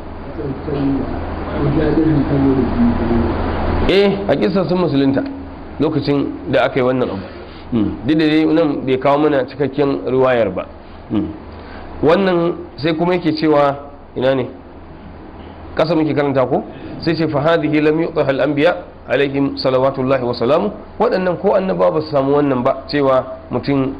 eh a kisan sun musulunta lokacin da aka yi wannan abu hmm. dida dai nan bai kawo mana cikakken riwayar ba hmm. wannan sai kuma yake cewa ina ne kasa muke karanta ko sai ce fahadihi lam biya anbiya salawatu salawatullahi wa salamu waɗannan ko annaba ba su samu wannan ba cewa mutum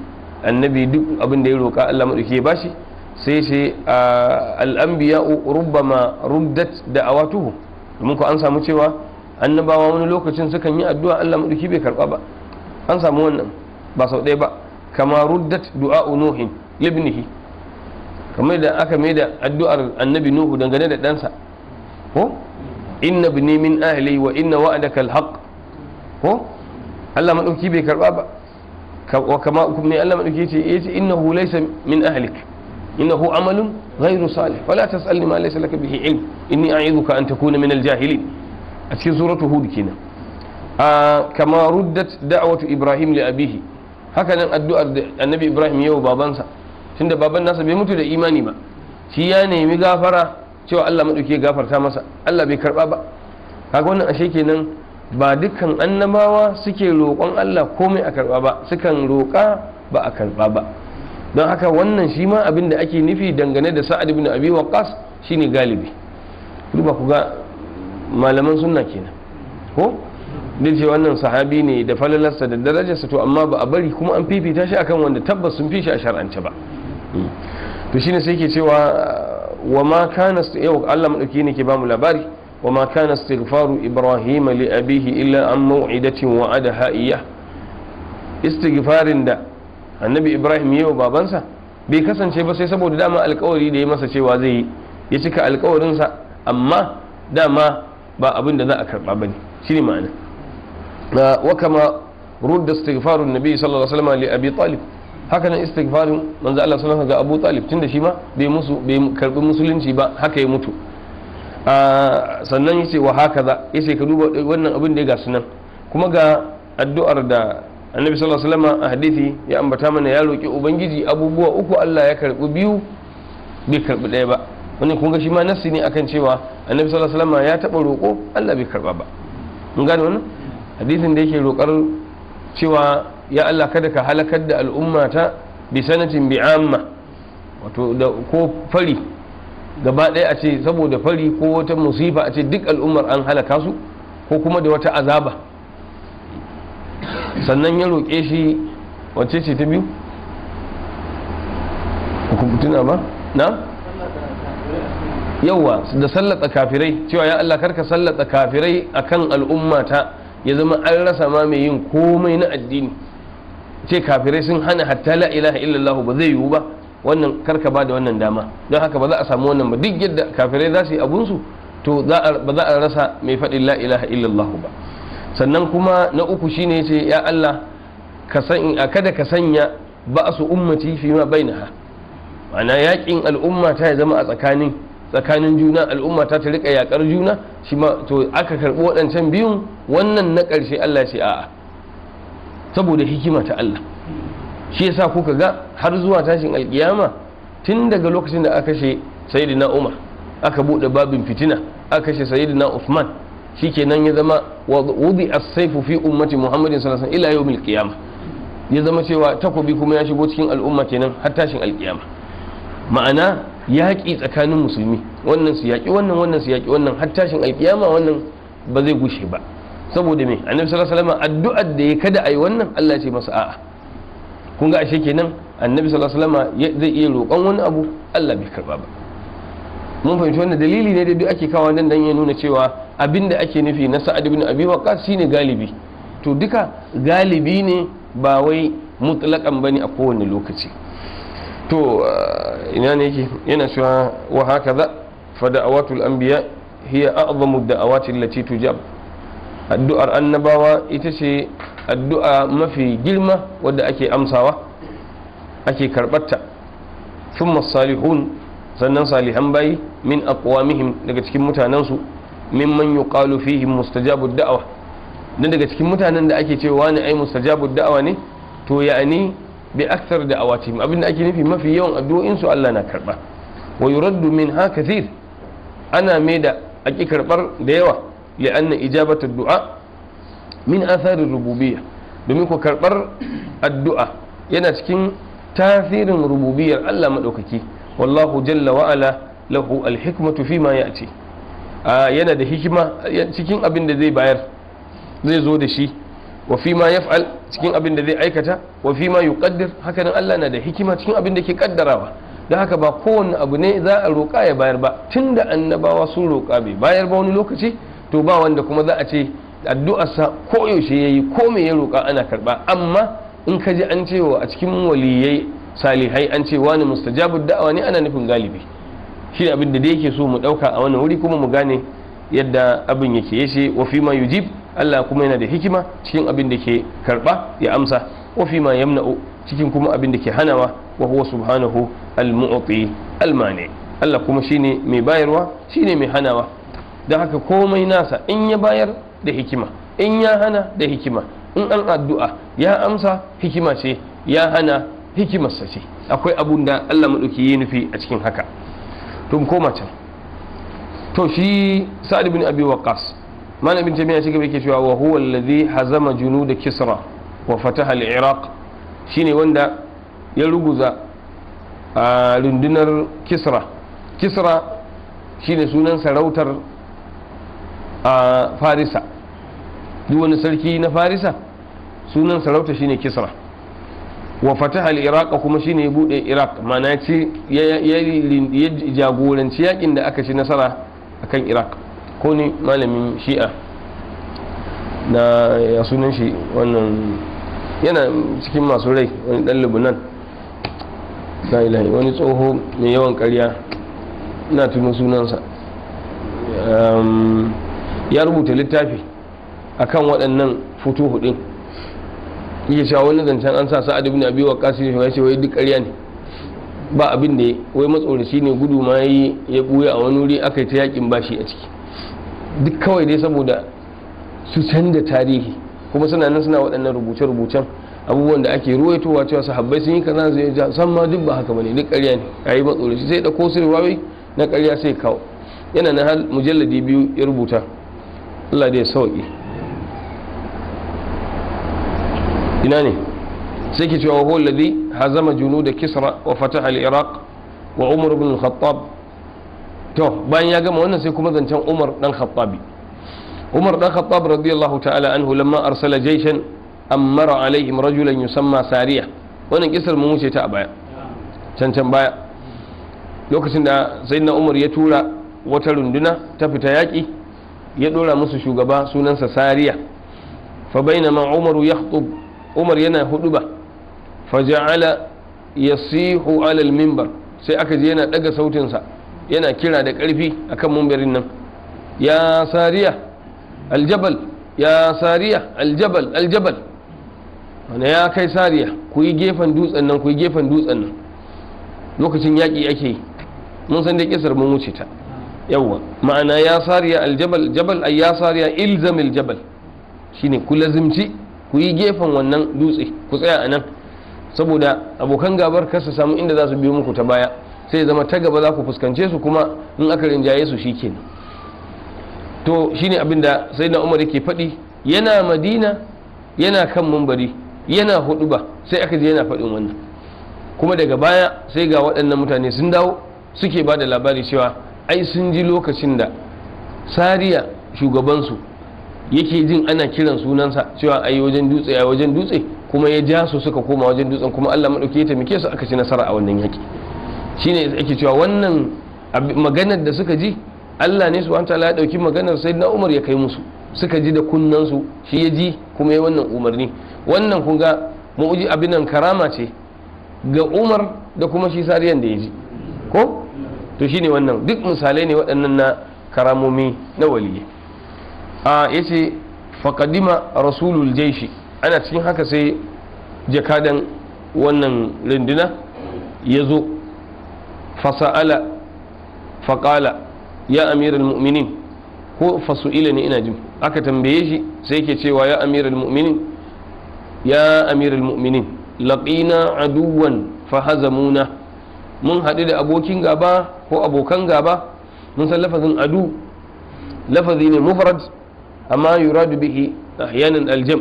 annabi duk abin da ya roƙa Allah madauki ya bashi sai ce al'ambiya da a da'awatuhu domin ko an samu cewa annabawa wani lokacin sukan yi addu'a Allah maɗuki bai karɓa ba an samu wannan ba sau ɗaya ba kama rubdat du'a nuhin libnihi kamar da aka mai da addu'ar annabi nuhu dangane da ɗansa ko inna bini min ahli wa inna wa'adaka alhaq ko Allah maɗuki bai karɓa ba wa kama ne Allah maɗuki ce ce innahu laysa min ahlik innahu amalun ghairu salih fala tasalni ma laysa laka bihi ilm inni a'idhuka an takuna min al-jahilin a cikin suratu hud kenan kama ruddat da'watu ibrahim li abihi haka nan addu'ar da annabi ibrahim yau babansa tunda baban nasa bai mutu da imani ba shi ya nemi gafara cewa Allah gafar ta masa Allah bai karba ba kaga wannan ashe kenan ba dukkan annabawa suke rokon Allah komai a karba ba sukan roka ba a karba ba don haka wannan shi ma abin da ake nufi dangane da sa'ad ibn abi waqqas shine galibi duba ku ga malaman sunna kenan ko da ce wannan sahabi ne da falalarsa da darajarsa to amma ba a bari kuma an fifita shi akan wanda tabbas sun fi shi a shar'ance ba hmm. to shine sai ke cewa wa ma kana yau Allah madauki ne ke bamu labari wa ma kana istighfaru ibrahim li abihi illa an maw'idatin wa'adaha iyyah istighfarin da annabi ibrahim yi wa babansa bai kasance ba sai saboda dama alkawari da ya masa cewa zai yi ya cika alkawarinsa amma dama ba abin da za a karba ba ne shi ne ma'ana na da rudda istighfarun nabi sallallahu alaihi wasallam li abi talib haka nan manzo Allah sallallahu ga Abu Talib tunda shi ma bai musu bai karbi musulunci ba haka ya mutu sannan yace wa haka za yace ka duba wannan abin da ya ga sunan kuma ga addu'ar da annabi sallallahu alaihi wasallam a hadisi ya ambata mana ya roki ubangiji abubuwa uku Allah ya karbi biyu bai karbi ɗaya ba wani kun ga shi ma nassi ne akan cewa annabi sallallahu alaihi wasallam ya taba roko Allah bai karba ba mun gane wannan hadisin da yake roƙar cewa ya Allah kada ka halakar da al'ummata bi sanatin bi amma wato da ko fari gaba ɗaya a ce saboda fari ko wata musifa a ce duk al'ummar an halaka su ko kuma da wata azaba sannan ya roƙe shi wacce ce ta biyu hukumtuna ba na yauwa da sallata kafirai cewa ya Allah karka sallata kafirai akan al'ummata ya zama an rasa ma mai yin komai na addini ce kafirai sun hana hatta la ilaha illallah ba zai yiwu ba wannan karka ba da wannan dama don haka ba za a samu wannan ba duk yadda kafirai za su yi abunsu to ba za a rasa mai faɗin la ilaha illallah ba sannan kuma na uku shine ce ya Allah ka kada ka sanya su ummati fi ma bainaha ma'ana yakin al'umma ta ya zama a tsakanin tsakanin juna al'umma ta ta rika yakar juna shi ma to aka karbi waɗancan biyun wannan na ƙarshe Allah ce a'a saboda hikima ta Allah shi yasa kuka ga har zuwa tashin alkiyama tun daga lokacin da aka kashe sayyidina Umar aka bude babin fitina aka kashe sayyidina Uthman shikenan ya zama wudi as-sayfu fi ummati muhammadin sallallahu alaihi wasallam ila yawmil qiyamah ya zama cewa takobi kuma ya shigo cikin al'umma kenan har tashin alkiyama ma'ana yaƙi tsakanin musulmi wannan su yaƙi wannan wannan su yaƙi wannan har tashin alkiyama wannan ba zai gushe ba saboda me annabi sallallahu alaihi wasallam addu'ar da ya kada ayi wannan Allah ce masa a'a kun ga ashe kenan annabi sallallahu alaihi wasallam zai iya roƙon wani abu Allah bai karba ba mun fahimci wannan dalili ne da duk ake kawo nan dan ya nuna cewa abinda ake nufi na sa'ad ibn abi waqqas shine galibi to duka galibi ne ba wai mutlaqan bane a kowane lokaci to eh, ina ne yake yana cewa wa hakaza fa da'awatul anbiya hiya a'zamu da'awati allati tujab addu'ar annabawa ita ce addu'a mafi girma wadda ake amsawa ake karbarta thumma salihun sannan salihan bayi min aqwamihim daga cikin mutanensu mimman yuqalu fihim mustajabu da'awa dan daga cikin mutanen da ake cewa ne ai mustajabu da'awa ne to ya'ani bi akthar da'awatihim abinda ake nufi mafi yawan addu'o'in su Allah na karba wa yuraddu ha kathir ana mai da aki karbar da yawa li'anna ijabatu du'a min atharir rububiyya domin ko karbar addu'a yana cikin tasirin rububiyar Allah madaukaki wallahu jalla wa'ala lahu alhikmatu fi ma ya'ti yana da hikima cikin abin da zai bayar zai zo da shi wa fi ma yaf'al cikin abin da zai aikata wa fi ma yuqaddir haka nan Allah na da hikima cikin abin da ke kaddarawa da haka ba kowanne abu ne za a roƙa ya bayar ba tunda annabawa sun roƙa bai bayar ba wani lokaci to ba wanda kuma za a ce sa ko yaushe yayi ko me ya roƙa ana karba amma in ka ji an cewa a cikin waliyai salihai an ce wani mustajabu da'awa ne ana nufin galibi shi abin da yake so mu dauka a wannan wuri kuma mu gane yadda abin yake yace wa fi ma yujib Allah kuma yana da hikima cikin abin da ke karba ya amsa wa fi ma yamna'u cikin kuma abin da ke hanawa wa huwa subhanahu al-mu'ti al-mani Allah kuma shine mai bayarwa shine mai hanawa dan haka komai nasa in ya bayar da hikima in ya hana da hikima in an addu'a ya amsa hikima ce ya hana hikimarsa ce akwai abun da Allah maɗauki ya nufi a cikin haka to mu koma can to shi sa'ad ibn abi waqas malam ibn jami'a shi gaba yake cewa wa huwa alladhi hazama junud kisra wa fataha al-iraq shine wanda ya ruguza a rundunar kisra kisra shine sunan sarautar a farisa duk wani sarki na farisa sunan sarauta shine kisra wa fataha al-iraq kuma shine ya bude iraq mana ce ya jagoranci yakin da aka ci nasara akan iraq ko ne malamin shi'a na ya sunan shi wannan yana cikin masu rai wani dan lubunan ilahi wani tsoho mai yawan karya na tuno sunansa ya rubuta littafi akan waɗannan futuhu ɗin yake sha wani zancen an sa sa'ad ibn abi waqqas ya ce wai duk ƙarya ne ba abin da wai matsoraci ne gudu ma yi ya buya a wani wuri aka yi ta yakin bashi a ciki duk kawai dai saboda su canza tarihi kuma suna nan suna waɗannan rubuce-rubucen abubuwan da ake ruwaitowa cewa sahabbai sun yi kaza zai ja san ma duk ba haka bane duk ƙarya ne a yi matsoraci sai da ko wawai na ƙarya sai kawo yana na hal mujalladi biyu ya rubuta Allah da ya sauki ina ne sai ke cewa huwa alladhi hazama da kisra wa fataha al-iraq wa umar ibn al-khattab to bayan ya gama wannan sai kuma zancen umar dan khattabi umar dan khattab radiyallahu ta'ala anhu lamma arsala jayshan amara alaihim rajulan yusamma sariya wannan kisar mun wuce ta a baya can can baya lokacin da sayyidina umar ya tura wata runduna ta fita yaki ya ɗora musu shugaba sunansa sariya fa bainama umaru yakhutub umar yana ba faja'ala sihu alal mimbar sai aka je yana daga sautinsa yana kira da karfi akan mumbarin nan ya sariya aljabal ya sariya aljabal aljabal wane ya kai sariya ku yi gefen dutsen nan ku yi gefen dutsen nan lokacin yaƙi ake yi mun san da kisar mun wuce ta yawwa ma'ana ya sariya aljabal jabal ay ya sariya ilzamil jabal shine ku lazimci ku yi gefen wannan dutse ku tsaya a nan saboda abokan gabar kar su samu inda za su biyo muku ta baya sai zama ta gaba za ku fuskance su kuma in aka rinjaye su shikenan to shine abin da na Umar yake faɗi yana Madina yana kan mambari yana ba sai aka je yana faɗin wannan kuma daga baya sai ga waɗannan mutane sun dawo suke ba da labari cewa ai sun ji lokacin da sariya shugabansu yake jin ana kiran sunansa cewa ai wajen dutse a wajen dutse kuma ya ja su suka koma wajen dutsen kuma Allah madauki ya taimake su aka ci nasara a wannan yaki shine ake cewa wannan maganar da suka ji Allah ne subhanahu wataala ya dauki maganar sayyidina Umar ya kai musu suka ji da kunnan su shi ya ji kuma ya wannan umarni wannan kun ga mu'ji abinan karama ce ga Umar da kuma shi sariyan da ya ji ko to shine wannan duk misalai ne waɗannan na karamomi na waliyyi a yace faƙadima rasulul jaishi ana cikin haka sai jakadan wannan rinduna ya zo fasa'ala faƙala ya amiral mu'minin ko fasu'ila ne ina jin aka tambaye shi sai yake cewa ya amiral mu'minin ya amiral mu'minin laƙina aduwan fahazamuna mun haɗu da abokin gaba ko abokan gaba mun san lafazin adu lafazi ne mufarad amma yuradu bihi ahyanan aljam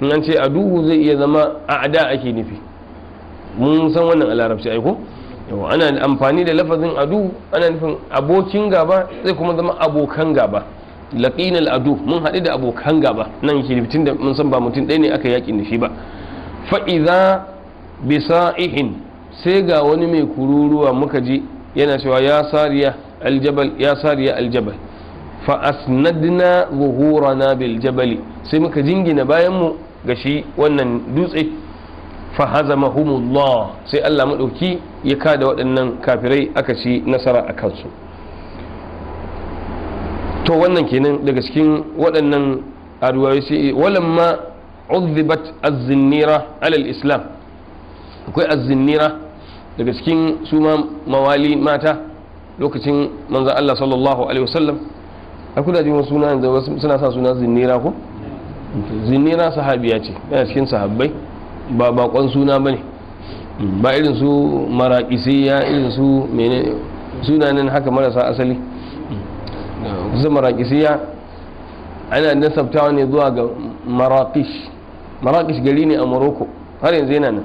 in an ce aduhu zai iya zama a a'da ake nufi mun san wannan a larabci aiko ana amfani da lafazin adu ana nufin abokin gaba zai kuma zama abokan gaba laqinal adu mun haɗu da abokan gaba nan ke tun da mun san ba mutum ɗaya ne aka yaki nufi ba ba fa'iza bisa'ihin sai ga wani mai kururuwa muka ji yana cewa ya sariya aljabal ya sariya aljabal fa asnadna zuhurana bil jabali sai muka jingina bayan mu gashi wannan dutse fa hazamahumullah sai Allah madauki ya kada waɗannan kafirai aka ci nasara a kansu to wannan kenan daga cikin waɗannan arwaye sai walamma uzzibat az-zinnira alal islam akwai az-zinnira daga cikin su ma mawali mata lokacin manzon Allah sallallahu alaihi wasallam a kudaje wasu suna yanzu suna sa suna zinira ko zinnira sahabiya ce yana cikin sahabbai ba bakon suna bane ba irin su ya irin su mene sunanin haka marasa asali su ya ana nasabtawa ne zuwa ga maraƙish maraƙish gari ne a morocco har yanzu yana nan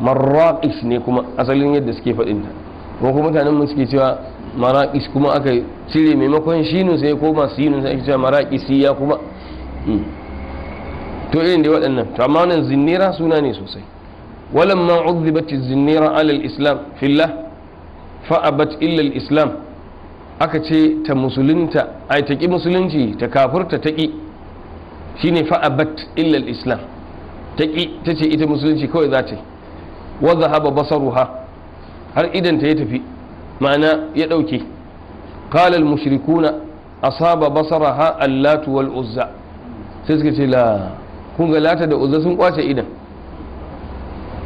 maraƙish ne kuma asalin yadda suke faɗin ta ko kuma mutanen mu suke cewa maraƙis kuma aka cire maimakon shinu sai koma sinu sai ake cewa maraƙisi ya kuma hmm. to irin da waɗannan to amma wannan zinnira suna ne sosai walamma uzzibat zinnira alal islam fillah fa'abat illa al islam aka ce ta musulunta ai ta ki musulunci ta kafurta ta ki shine fa'abat illa al islam ta ki ce ita musulunci kawai za ta yi wa dhahaba basaruha har idan ta ya tafi ma'ana ya ɗauke kalal mushrikuna asaba basaraha allatu wal uzza sai suka ce la kun ga lata da uzza sun kwace idan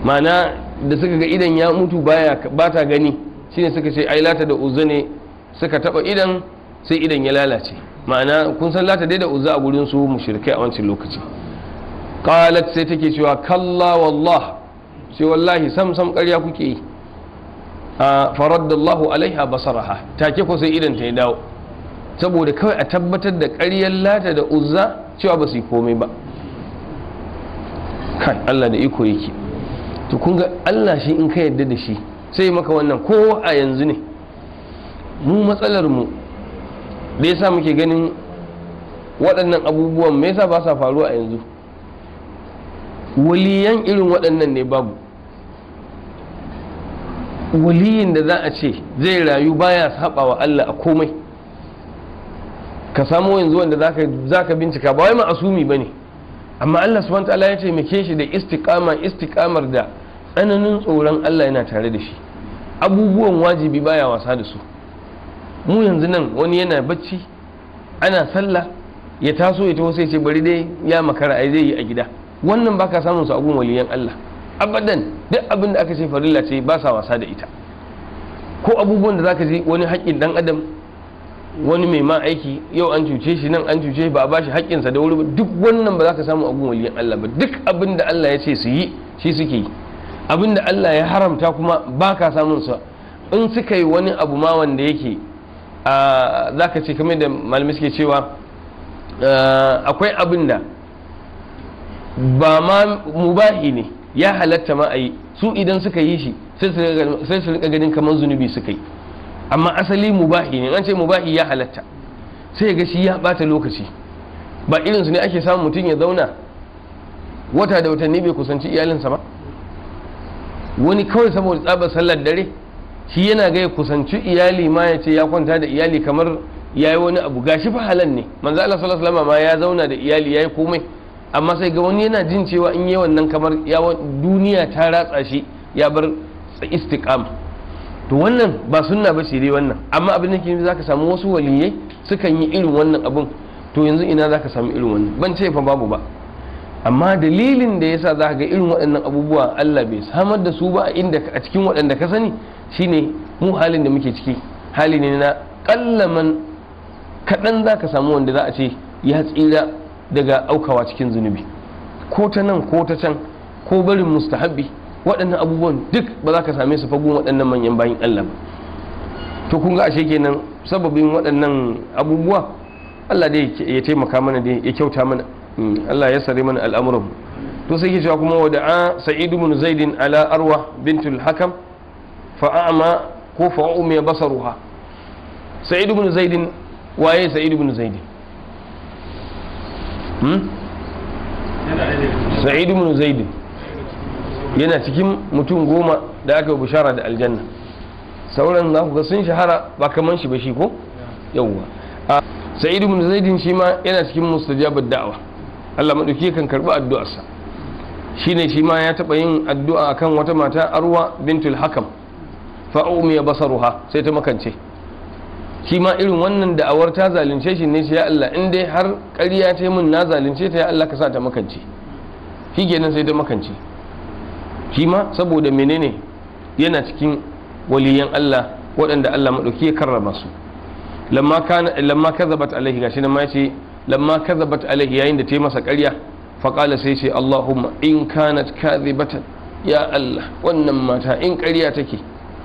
ma'ana da suka ga idan ya mutu baya bata gani shine suka ce ai lata da uzza ne suka taba idan sai idan ya lalace ma'ana kun san lata dai da uzza a gurin su mushrikai a wancan lokaci qalat sai take cewa kalla wallah sai wallahi sam sam ƙarya kuke yi Allah alaiha basaraha ke ko sai idan ta ya dawo saboda kawai a tabbatar da ƙaryar lata da uzza cewa ba su yi komai ba kai Allah da iko yake to kun ga Allah shi in ka yarda da shi sai maka wannan kowa a yanzu ne mu matsalar mu da yasa muke ganin waɗannan abubuwan me yasa ba sa faruwa a yanzu waliyan irin waɗannan ne babu waliyin da za a ce zai rayu baya saba wa Allah a komai ka samu yanzu wanda za ka bincika ba wai ma asumi ba ne amma Allah subhanahu ta'ala ya taimake shi da istiqama istiqamar da tsananin tsoron Allah yana tare da shi abubuwan wajibi baya wasa da su mu yanzu nan wani yana bacci ana sallah ya taso ya taho sai ce bari dai ya makara ai zai yi a gida wannan baka samun su gun waliyan Allah abadan duk abin da aka ce farilla ce ba sa wasa da ita ko abubuwan da zaka ji wani haƙƙin dan adam wani mai ma aiki yau an cuce shi nan an cuce ba a bashi haƙƙinsa da wuri ba duk wannan ba za ka samu abun waliyan Allah ba duk abin da Allah ya ce su yi shi suke yi abin da Allah ya haramta kuma ba ka samun sa in suka yi wani abu ma wanda yake za ka ce kamar da malamai suke cewa akwai abin da ba ma mubahi ne ya halatta ma a yi su idan suka yi shi sai su rika ganin kamar zunubi suka yi amma asali mubahi ne an ce mubahi ya halatta sai ga shi ya bata lokaci ba irin su ne ake samun mutum ya zauna wata da watanni bai kusanci iyalinsa ba wani kawai saboda tsabar sallar dare shi yana ga ya kusanci iyali ma ya ce ya kwanta da iyali kamar ya yi wani abu gashi fa halal ne manzo Allah sallallahu alaihi wasallam ma ya zauna da iyali ya yi komai amma sai ga wani yana jin cewa in yi wannan kamar duniya ta ratsa shi ya bar istiqama to wannan ba sunna ba dai wannan amma abin da ke za ka samu wasu waliyai sukan yi irin wannan abun to yanzu ina za ka samu irin wannan ban ce fa babu ba amma dalilin da yasa za ga irin waɗannan abubuwa Allah bai samar da su ba inda a cikin waɗanda ka sani shine mu halin da muke ciki hali ne na kallaman kaɗan za ka samu wanda za a ce ya tsira daga aukawa cikin zunubi ko ta nan ko ta can ko barin mustahabbi waɗannan abubuwan duk ba za ka same su fagun waɗannan manyan bayan Allah ba to kun ga ashe kenan sababin waɗannan abubuwa Allah dai ya taimaka mana dai ya kyauta mana hmm, Allah ya sare mana al'amuran to sai ke cewa kuma wada'a Sa'idu bin zaid ala arwa bintul hakam fa'ama ko fa'umiya basaruha sa'idu ibn zaid waye sa'idu zaid Hmm? sa'idu ibn yana cikin mutum goma da aka yi bishara da aljanna sauran za ku ga sun shahara ba kaman shi ba shi ko yawwa sa'idu ibn zaid shi ma yana cikin mustajabat da'awa Allah madauki kan karbi addu'arsa shine shi ma ya taɓa yin addu'a akan wata mata arwa bintul hakam ya basa basaruha sai ta makance shi ma irin wannan da'awar ta zalunce shi ne ya Allah in dai har ƙarya ta min na zalunce ta ya Allah ka sa ta makance shi kenan sai ta makance shi ma saboda menene yana cikin waliyan Allah waɗanda Allah maɗauki ya karrama su lamma kazabat alaihi gashi nan ma yace lamma kazabat alaihi yayin da ta yi masa ƙarya faƙala sai ce Allahumma in kanat kadhibatan ya Allah wannan mata in ƙarya take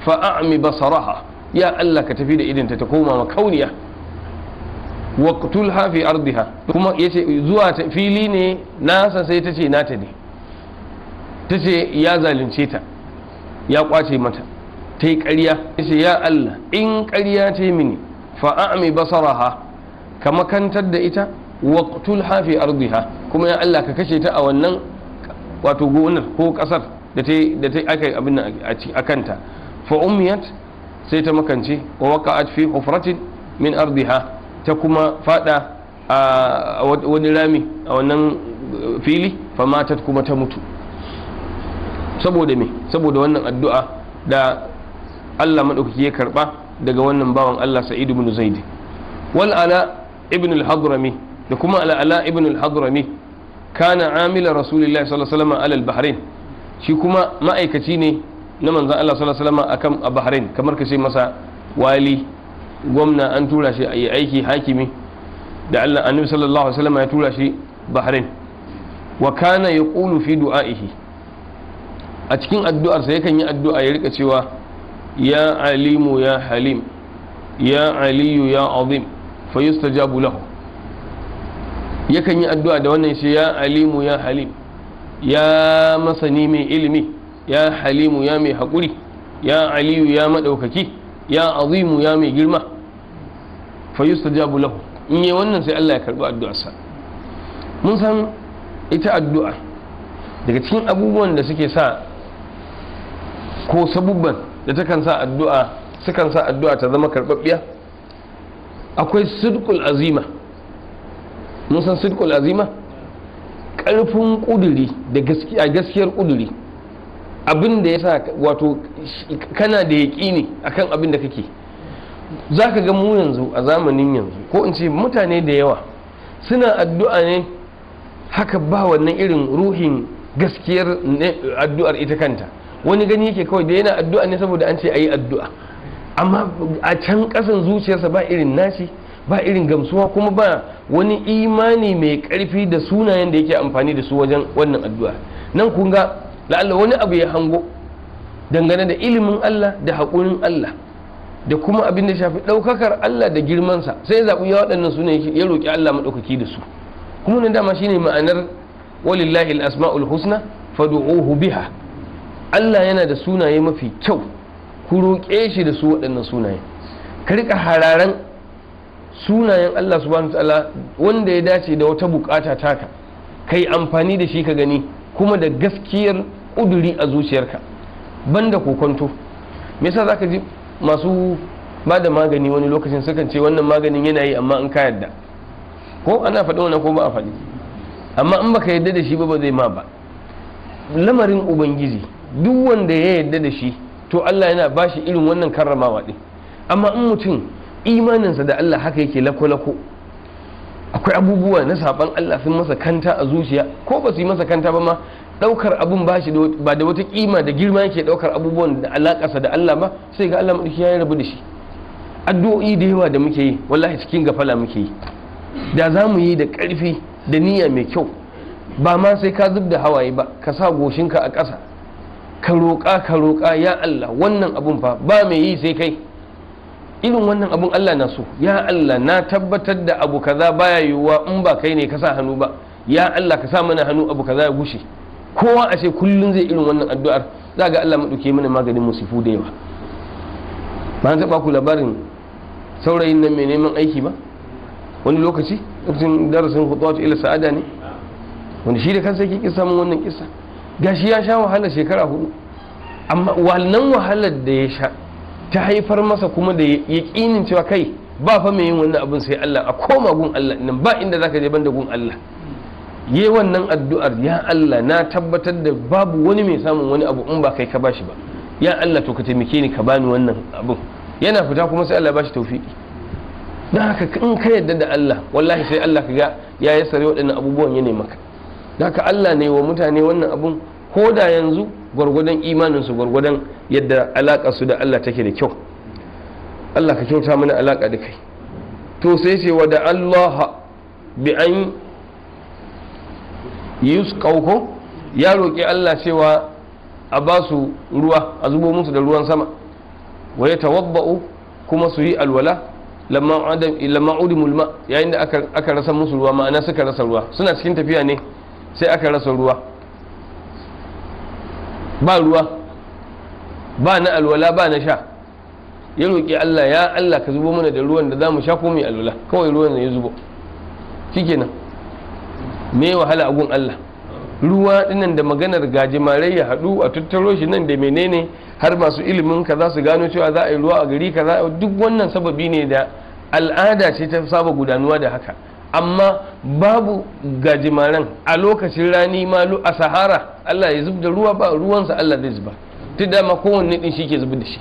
fa'ami basaraha ya Allah ka tafi da idinta ta koma makauniya waqtulha fi ardiha kuma yace zuwa ta fili ne nasa sai ta ce nata ne ta ce ya zalunce ta ya kwace mata ta yi ƙarya yace ya Allah in karya ta mini fa a'mi basaraha ka makantar da ita waqtulha fi ardiha kuma ya Allah ka kashe ta a wannan wato gonar ko kasar da ta da ta abin a kanta fa ummiyat sai ta makance wa waqa'at fi hufratin min ardiha ta kuma fada a wani rami a wannan fili fa matat kuma ta mutu saboda me saboda wannan addu'a da Allah madaukaki ya karba daga wannan bawan Allah Sa'id ibn Zaid wal ala ibn al-Hadrami da kuma ala ala ibn al-Hadrami kana amila rasulullahi sallallahu alaihi wasallam bahrain shi kuma ma'aikaci ne na manzan Allah sallallahu alaihi wasallam akan a Bahrain kamar ka ce masa wali gwamna an tura shi a yi aiki hakimi da Allah annabi sallallahu alaihi wasallam ya tura shi Bahrain wa kana yaqulu fi du'aihi a cikin addu'arsa yakan yi addu'a ya rika cewa ya alimu ya halim ya aliyu ya azim fa yustajabu lahu yakan yi addu'a da wannan shi ya alimu ya halim ya masani mai ilimi ya halimu ya mai haƙuri ya aliyu ya maɗaukaki ya azimu ya mai girma ta jabu lahu in yi wannan sai Allah ya karɓi addu'arsa mun san ita addu'a daga cikin abubuwan da suke sa ko sabubban da takan sa addu'a sukan sa addu'a ta zama karɓaɓɓiya akwai sidkul azima mun san sidkul azima ƙarfin ƙuduri da gaskiyar ƙuduri abin da ya sa wato kana da yaƙini akan abin da kake za ka ga mu yanzu a zamanin yanzu ko in ce mutane da yawa suna addu'a ne haka ba wannan irin ruhin gaskiyar addu'ar ita kanta wani gani yake kawai da yana addu'a ne saboda an ce a yi addu'a amma a can ƙasan zuciyarsa ba irin nashi ba irin gamsuwa kuma ba wani imani mai ƙarfi da sunayen da yake amfani da su wajen wannan addu'a nan kun ga la'alla wani abu ya hango dangane da ilimin Allah da haƙurin Allah da kuma abin da shafi ɗaukakar Allah da girmansa sai ya zaɓi ya waɗannan su ne ya roƙi Allah maɗaukaki da su kuma nan dama shine ma'anar walillahi al-asma'ul husna fad'uhu biha Allah yana da sunaye mafi kyau ku roƙe shi da su waɗannan sunaye ka riƙa hararan sunayen Allah subhanahu wa ta'ala wanda ya dace da wata buƙata taka kai amfani da shi ka gani kuma da gaskiyar ƙuduri a zuciyarka banda kokonto me yasa zaka ji masu ba da magani wani lokacin sukan ce wannan maganin yana yi amma an ka yarda ko ana faɗi wannan ko ba a faɗi amma in baka yarda da shi ba ba zai ma ba lamarin ubangiji duk wanda ya yarda da shi to Allah yana bashi irin wannan karramawa din amma in mutum imaninsa da Allah haka yake lako akwai abubuwa na saɓan Allah sun masa kanta a zuciya ko ba su yi masa kanta ba ma daukar abun ba shi ba da wata kima da girma yake ɗaukar abubuwan da sa da Allah ba sai ga Allah maɗuki ya rabu da shi addu'o'i da yawa da muke yi wallahi cikin gafala muke yi da za mu yi da ƙarfi da niyya mai kyau ba ma sai ka zub da hawaye ba ka sa goshinka a ƙasa ka roƙa ka roƙa ya Allah wannan abun fa ba mai yi sai kai irin wannan abun Allah na so ya Allah na tabbatar da abu kaza baya yiwuwa in ba kai ne ka sa hannu ba ya Allah ka sa mana hannu abu kaza ya gushe kowa a ce kullun zai irin wannan addu'ar za ga Allah maɗauke mana maganin musifu da yawa ba an taɓa ku labarin saurayin nan mai neman aiki ba wani lokaci lokacin darasin hutuwa ila sa'ada ne Wani shi da kansa yake kisa mun wannan kisa gashi ya sha wahala shekara hudu amma wannan wahalar da ya sha ta haifar masa kuma da ƙinin cewa kai ba fa mai yin wannan abin sai Allah a koma gun Allah nan ba inda zaka je banda gun Allah yi wannan addu'ar ya Allah na tabbatar da babu wani mai samun wani abu in ba kai ka bashi ba ya Allah to ka taimake ni ka bani wannan abin yana fita kuma sai Allah bashi tawfiki dan haka in ka yarda da Allah wallahi sai Allah ka ga ya yi waɗannan abubuwan ya maka ka haka Allah ne wa mutane wannan abun ko da yanzu gwargwadon imaninsu gwargwadon yadda alaƙa su da Allah take da kyau Allah ka kyauta mana alaƙa da kai to sai ce wa da Allah bi an yi ƙauko ya roƙi Allah cewa a ba su ruwa a zubo musu da ruwan sama wa ya tawabba'u kuma su yi alwala lamma adam lamma udimul ma yayin da aka aka rasa musu ruwa ma'ana suka rasa ruwa suna cikin tafiya ne sai aka rasa ruwa ba ruwa ba na alwala ba na sha ya roƙi Allah ya Allah ka zubo mana da ruwan da za mu sha ko mai alwala kawai ruwan ya zubo shikenan me wahala agun Allah ruwa dinnan da maganar gajimare ya haɗu a tattaro shi nan da menene har masu ilimin ka za su gano cewa za a yi ruwa a gari kaza duk wannan sababi ne da al'ada ce ta saba gudanuwa da haka amma babu gajimaren a lokacin rani ma a sahara Allah ya zub da ruwa ba ruwansa Allah zai zuba ta dama kowanne din shi ke zubi da shi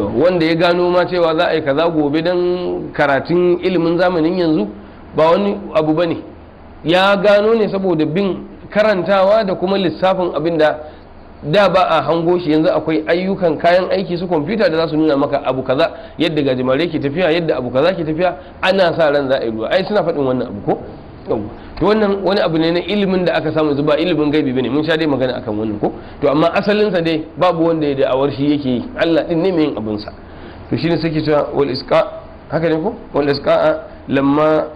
wanda ya gano ma cewa za a yi kaza gobe don karatun ilimin zamanin yanzu ba wani abu ba ne ya gano ne saboda bin karantawa da kuma lissafin abin da da ba a hango shi yanzu akwai ayyukan kayan aiki su kwamfuta da za su nuna maka abu kaza yadda gajimare ke tafiya yadda abu kaza ke tafiya ana sa ran za a yi ruwa ai suna faɗin wannan abu ko to wannan wani abu ne na ilimin da aka samu zuba ilimin gaibi bane mun sha dai magana akan wannan ko to amma asalin sa dai babu wanda ya da' awar shi yake yi Allah din ne mai yin abin sa to shine sai ke cewa wal isqa haka ne ko wal isqa lamma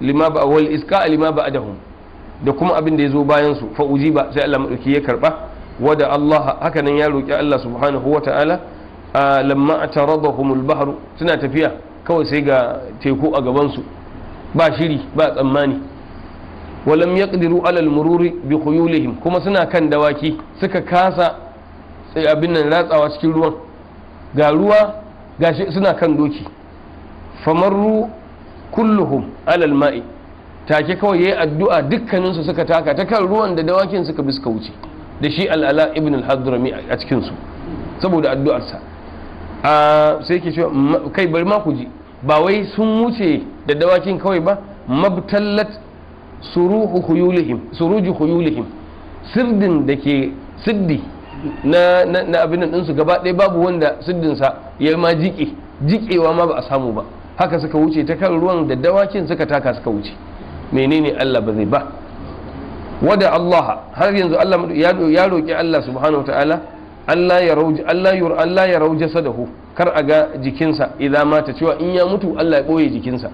lima ba wal isqa lima ba adahum da kuma abin da ya zo bayan su fa ujiba sai Allah madauki ya karba wada Allah hakanan ya roki Allah subhanahu wataala lamma bahru suna tafiya kawai sai ga teku a gaban su ba shiri ba tsammani walam yaqdiru alal mururi bi khuyulihim kuma suna kan dawaki suka kasa eh, abin nan ratsawa cikin ruwan ga ruwa gashi suna kan doki famarru kulluhum alal take kawai yayi addu'a dukkaninsu suka taka ta kan ruwan da dawakin suka bi suka wuce da shi al'ala ibn al-hadrami a cikin su saboda addu'arsa a sai ke cewa kai bari ma ku ji ba wai sun wuce da dawakin kawai ba mabtallat suruhu khuyulihim suruju khuyulihim sirdin da ke siddi na na abin nan ɗinsu gaba ɗaya babu wanda sirdinsa ya ma jiƙe jiƙewa ma ba a samu ba haka suka wuce ta kan ruwan da dawakin suka taka suka wuce menene Allah ba zai ba wada Allah har yanzu Allah ya roƙi Allah subhanahu wataala Allah ya rauji Allah Allah ya rauji sadahu kar a ga jikinsa idan mata cewa in ya mutu Allah ya ɓoye jikinsa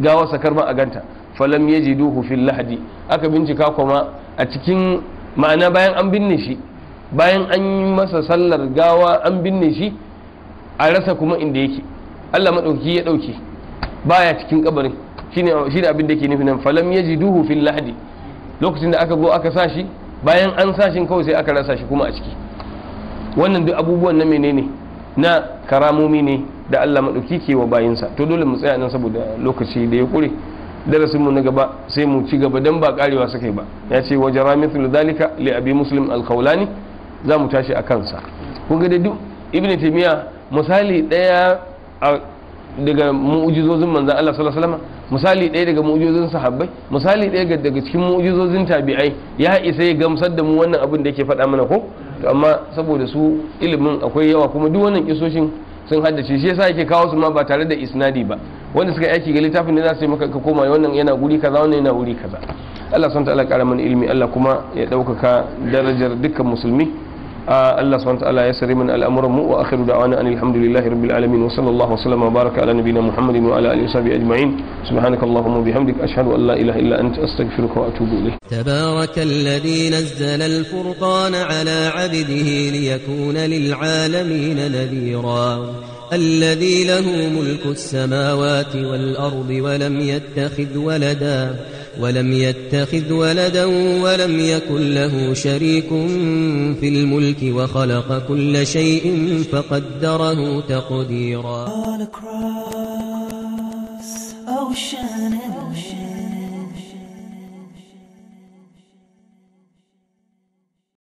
ga wasa kar ma a ganta falam yajiduhu fil lahdi aka bincika kuma a cikin ma'ana bayan an binne shi bayan an yi masa sallar gawa an binne shi a rasa kuma inda yake Allah madauki ya dauke baya cikin kabarin shine shine abin da yake nufi nan falam yajiduhu fil lahdi lokacin da aka go aka sa shi bayan an sa shi kawai sai aka rasa shi kuma a ciki wannan duk abubuwan na menene na karamomi ne da Allah maɗauki ke wa bayinsa to dole mu tsaya nan saboda lokaci da ya kure darasin mu na gaba sai mu ci gaba dan ba karewa suka yi ba ya ce wa jara mithlu dalika li abi muslim al-qawlani za mu tashi a kansa kun ga duk ibnu taymiya misali daya daga mu'ujizozin manzan Allah sallallahu alaihi wasallam misali ɗaya daga mu'ujizozin sahabbai misali ɗaya daga cikin mu'ujizozin tabi'ai ya isa ya gamsar da mu wannan abin da yake faɗa mana ko to amma saboda su ilimin akwai yawa kuma duk wannan kisoshin sun haddace shi yasa yake kawo su ma ba tare da isnadi ba wanda suka aiki ga littafin da za su yi maka ka koma wannan yana guri kaza wannan yana guri kaza Allah subhanahu ta'ala mana ilimi Allah kuma ya ɗaukaka darajar dukkan musulmi آه، الله سبحانه وتعالى يسر من الامر مو واخر دعوانا ان الحمد لله رب العالمين وصلى الله وسلم وبارك على نبينا محمد وعلى اله وصحبه اجمعين سبحانك اللهم وبحمدك اشهد ان لا اله الا انت استغفرك واتوب اليك تبارك الذي نزل الفرقان على عبده ليكون للعالمين نذيرا الذي له ملك السماوات والارض ولم يتخذ ولدا ولم يتخذ ولدا ولم يكن له شريك في الملك وخلق كل شيء فقدره تقديرا All across ocean and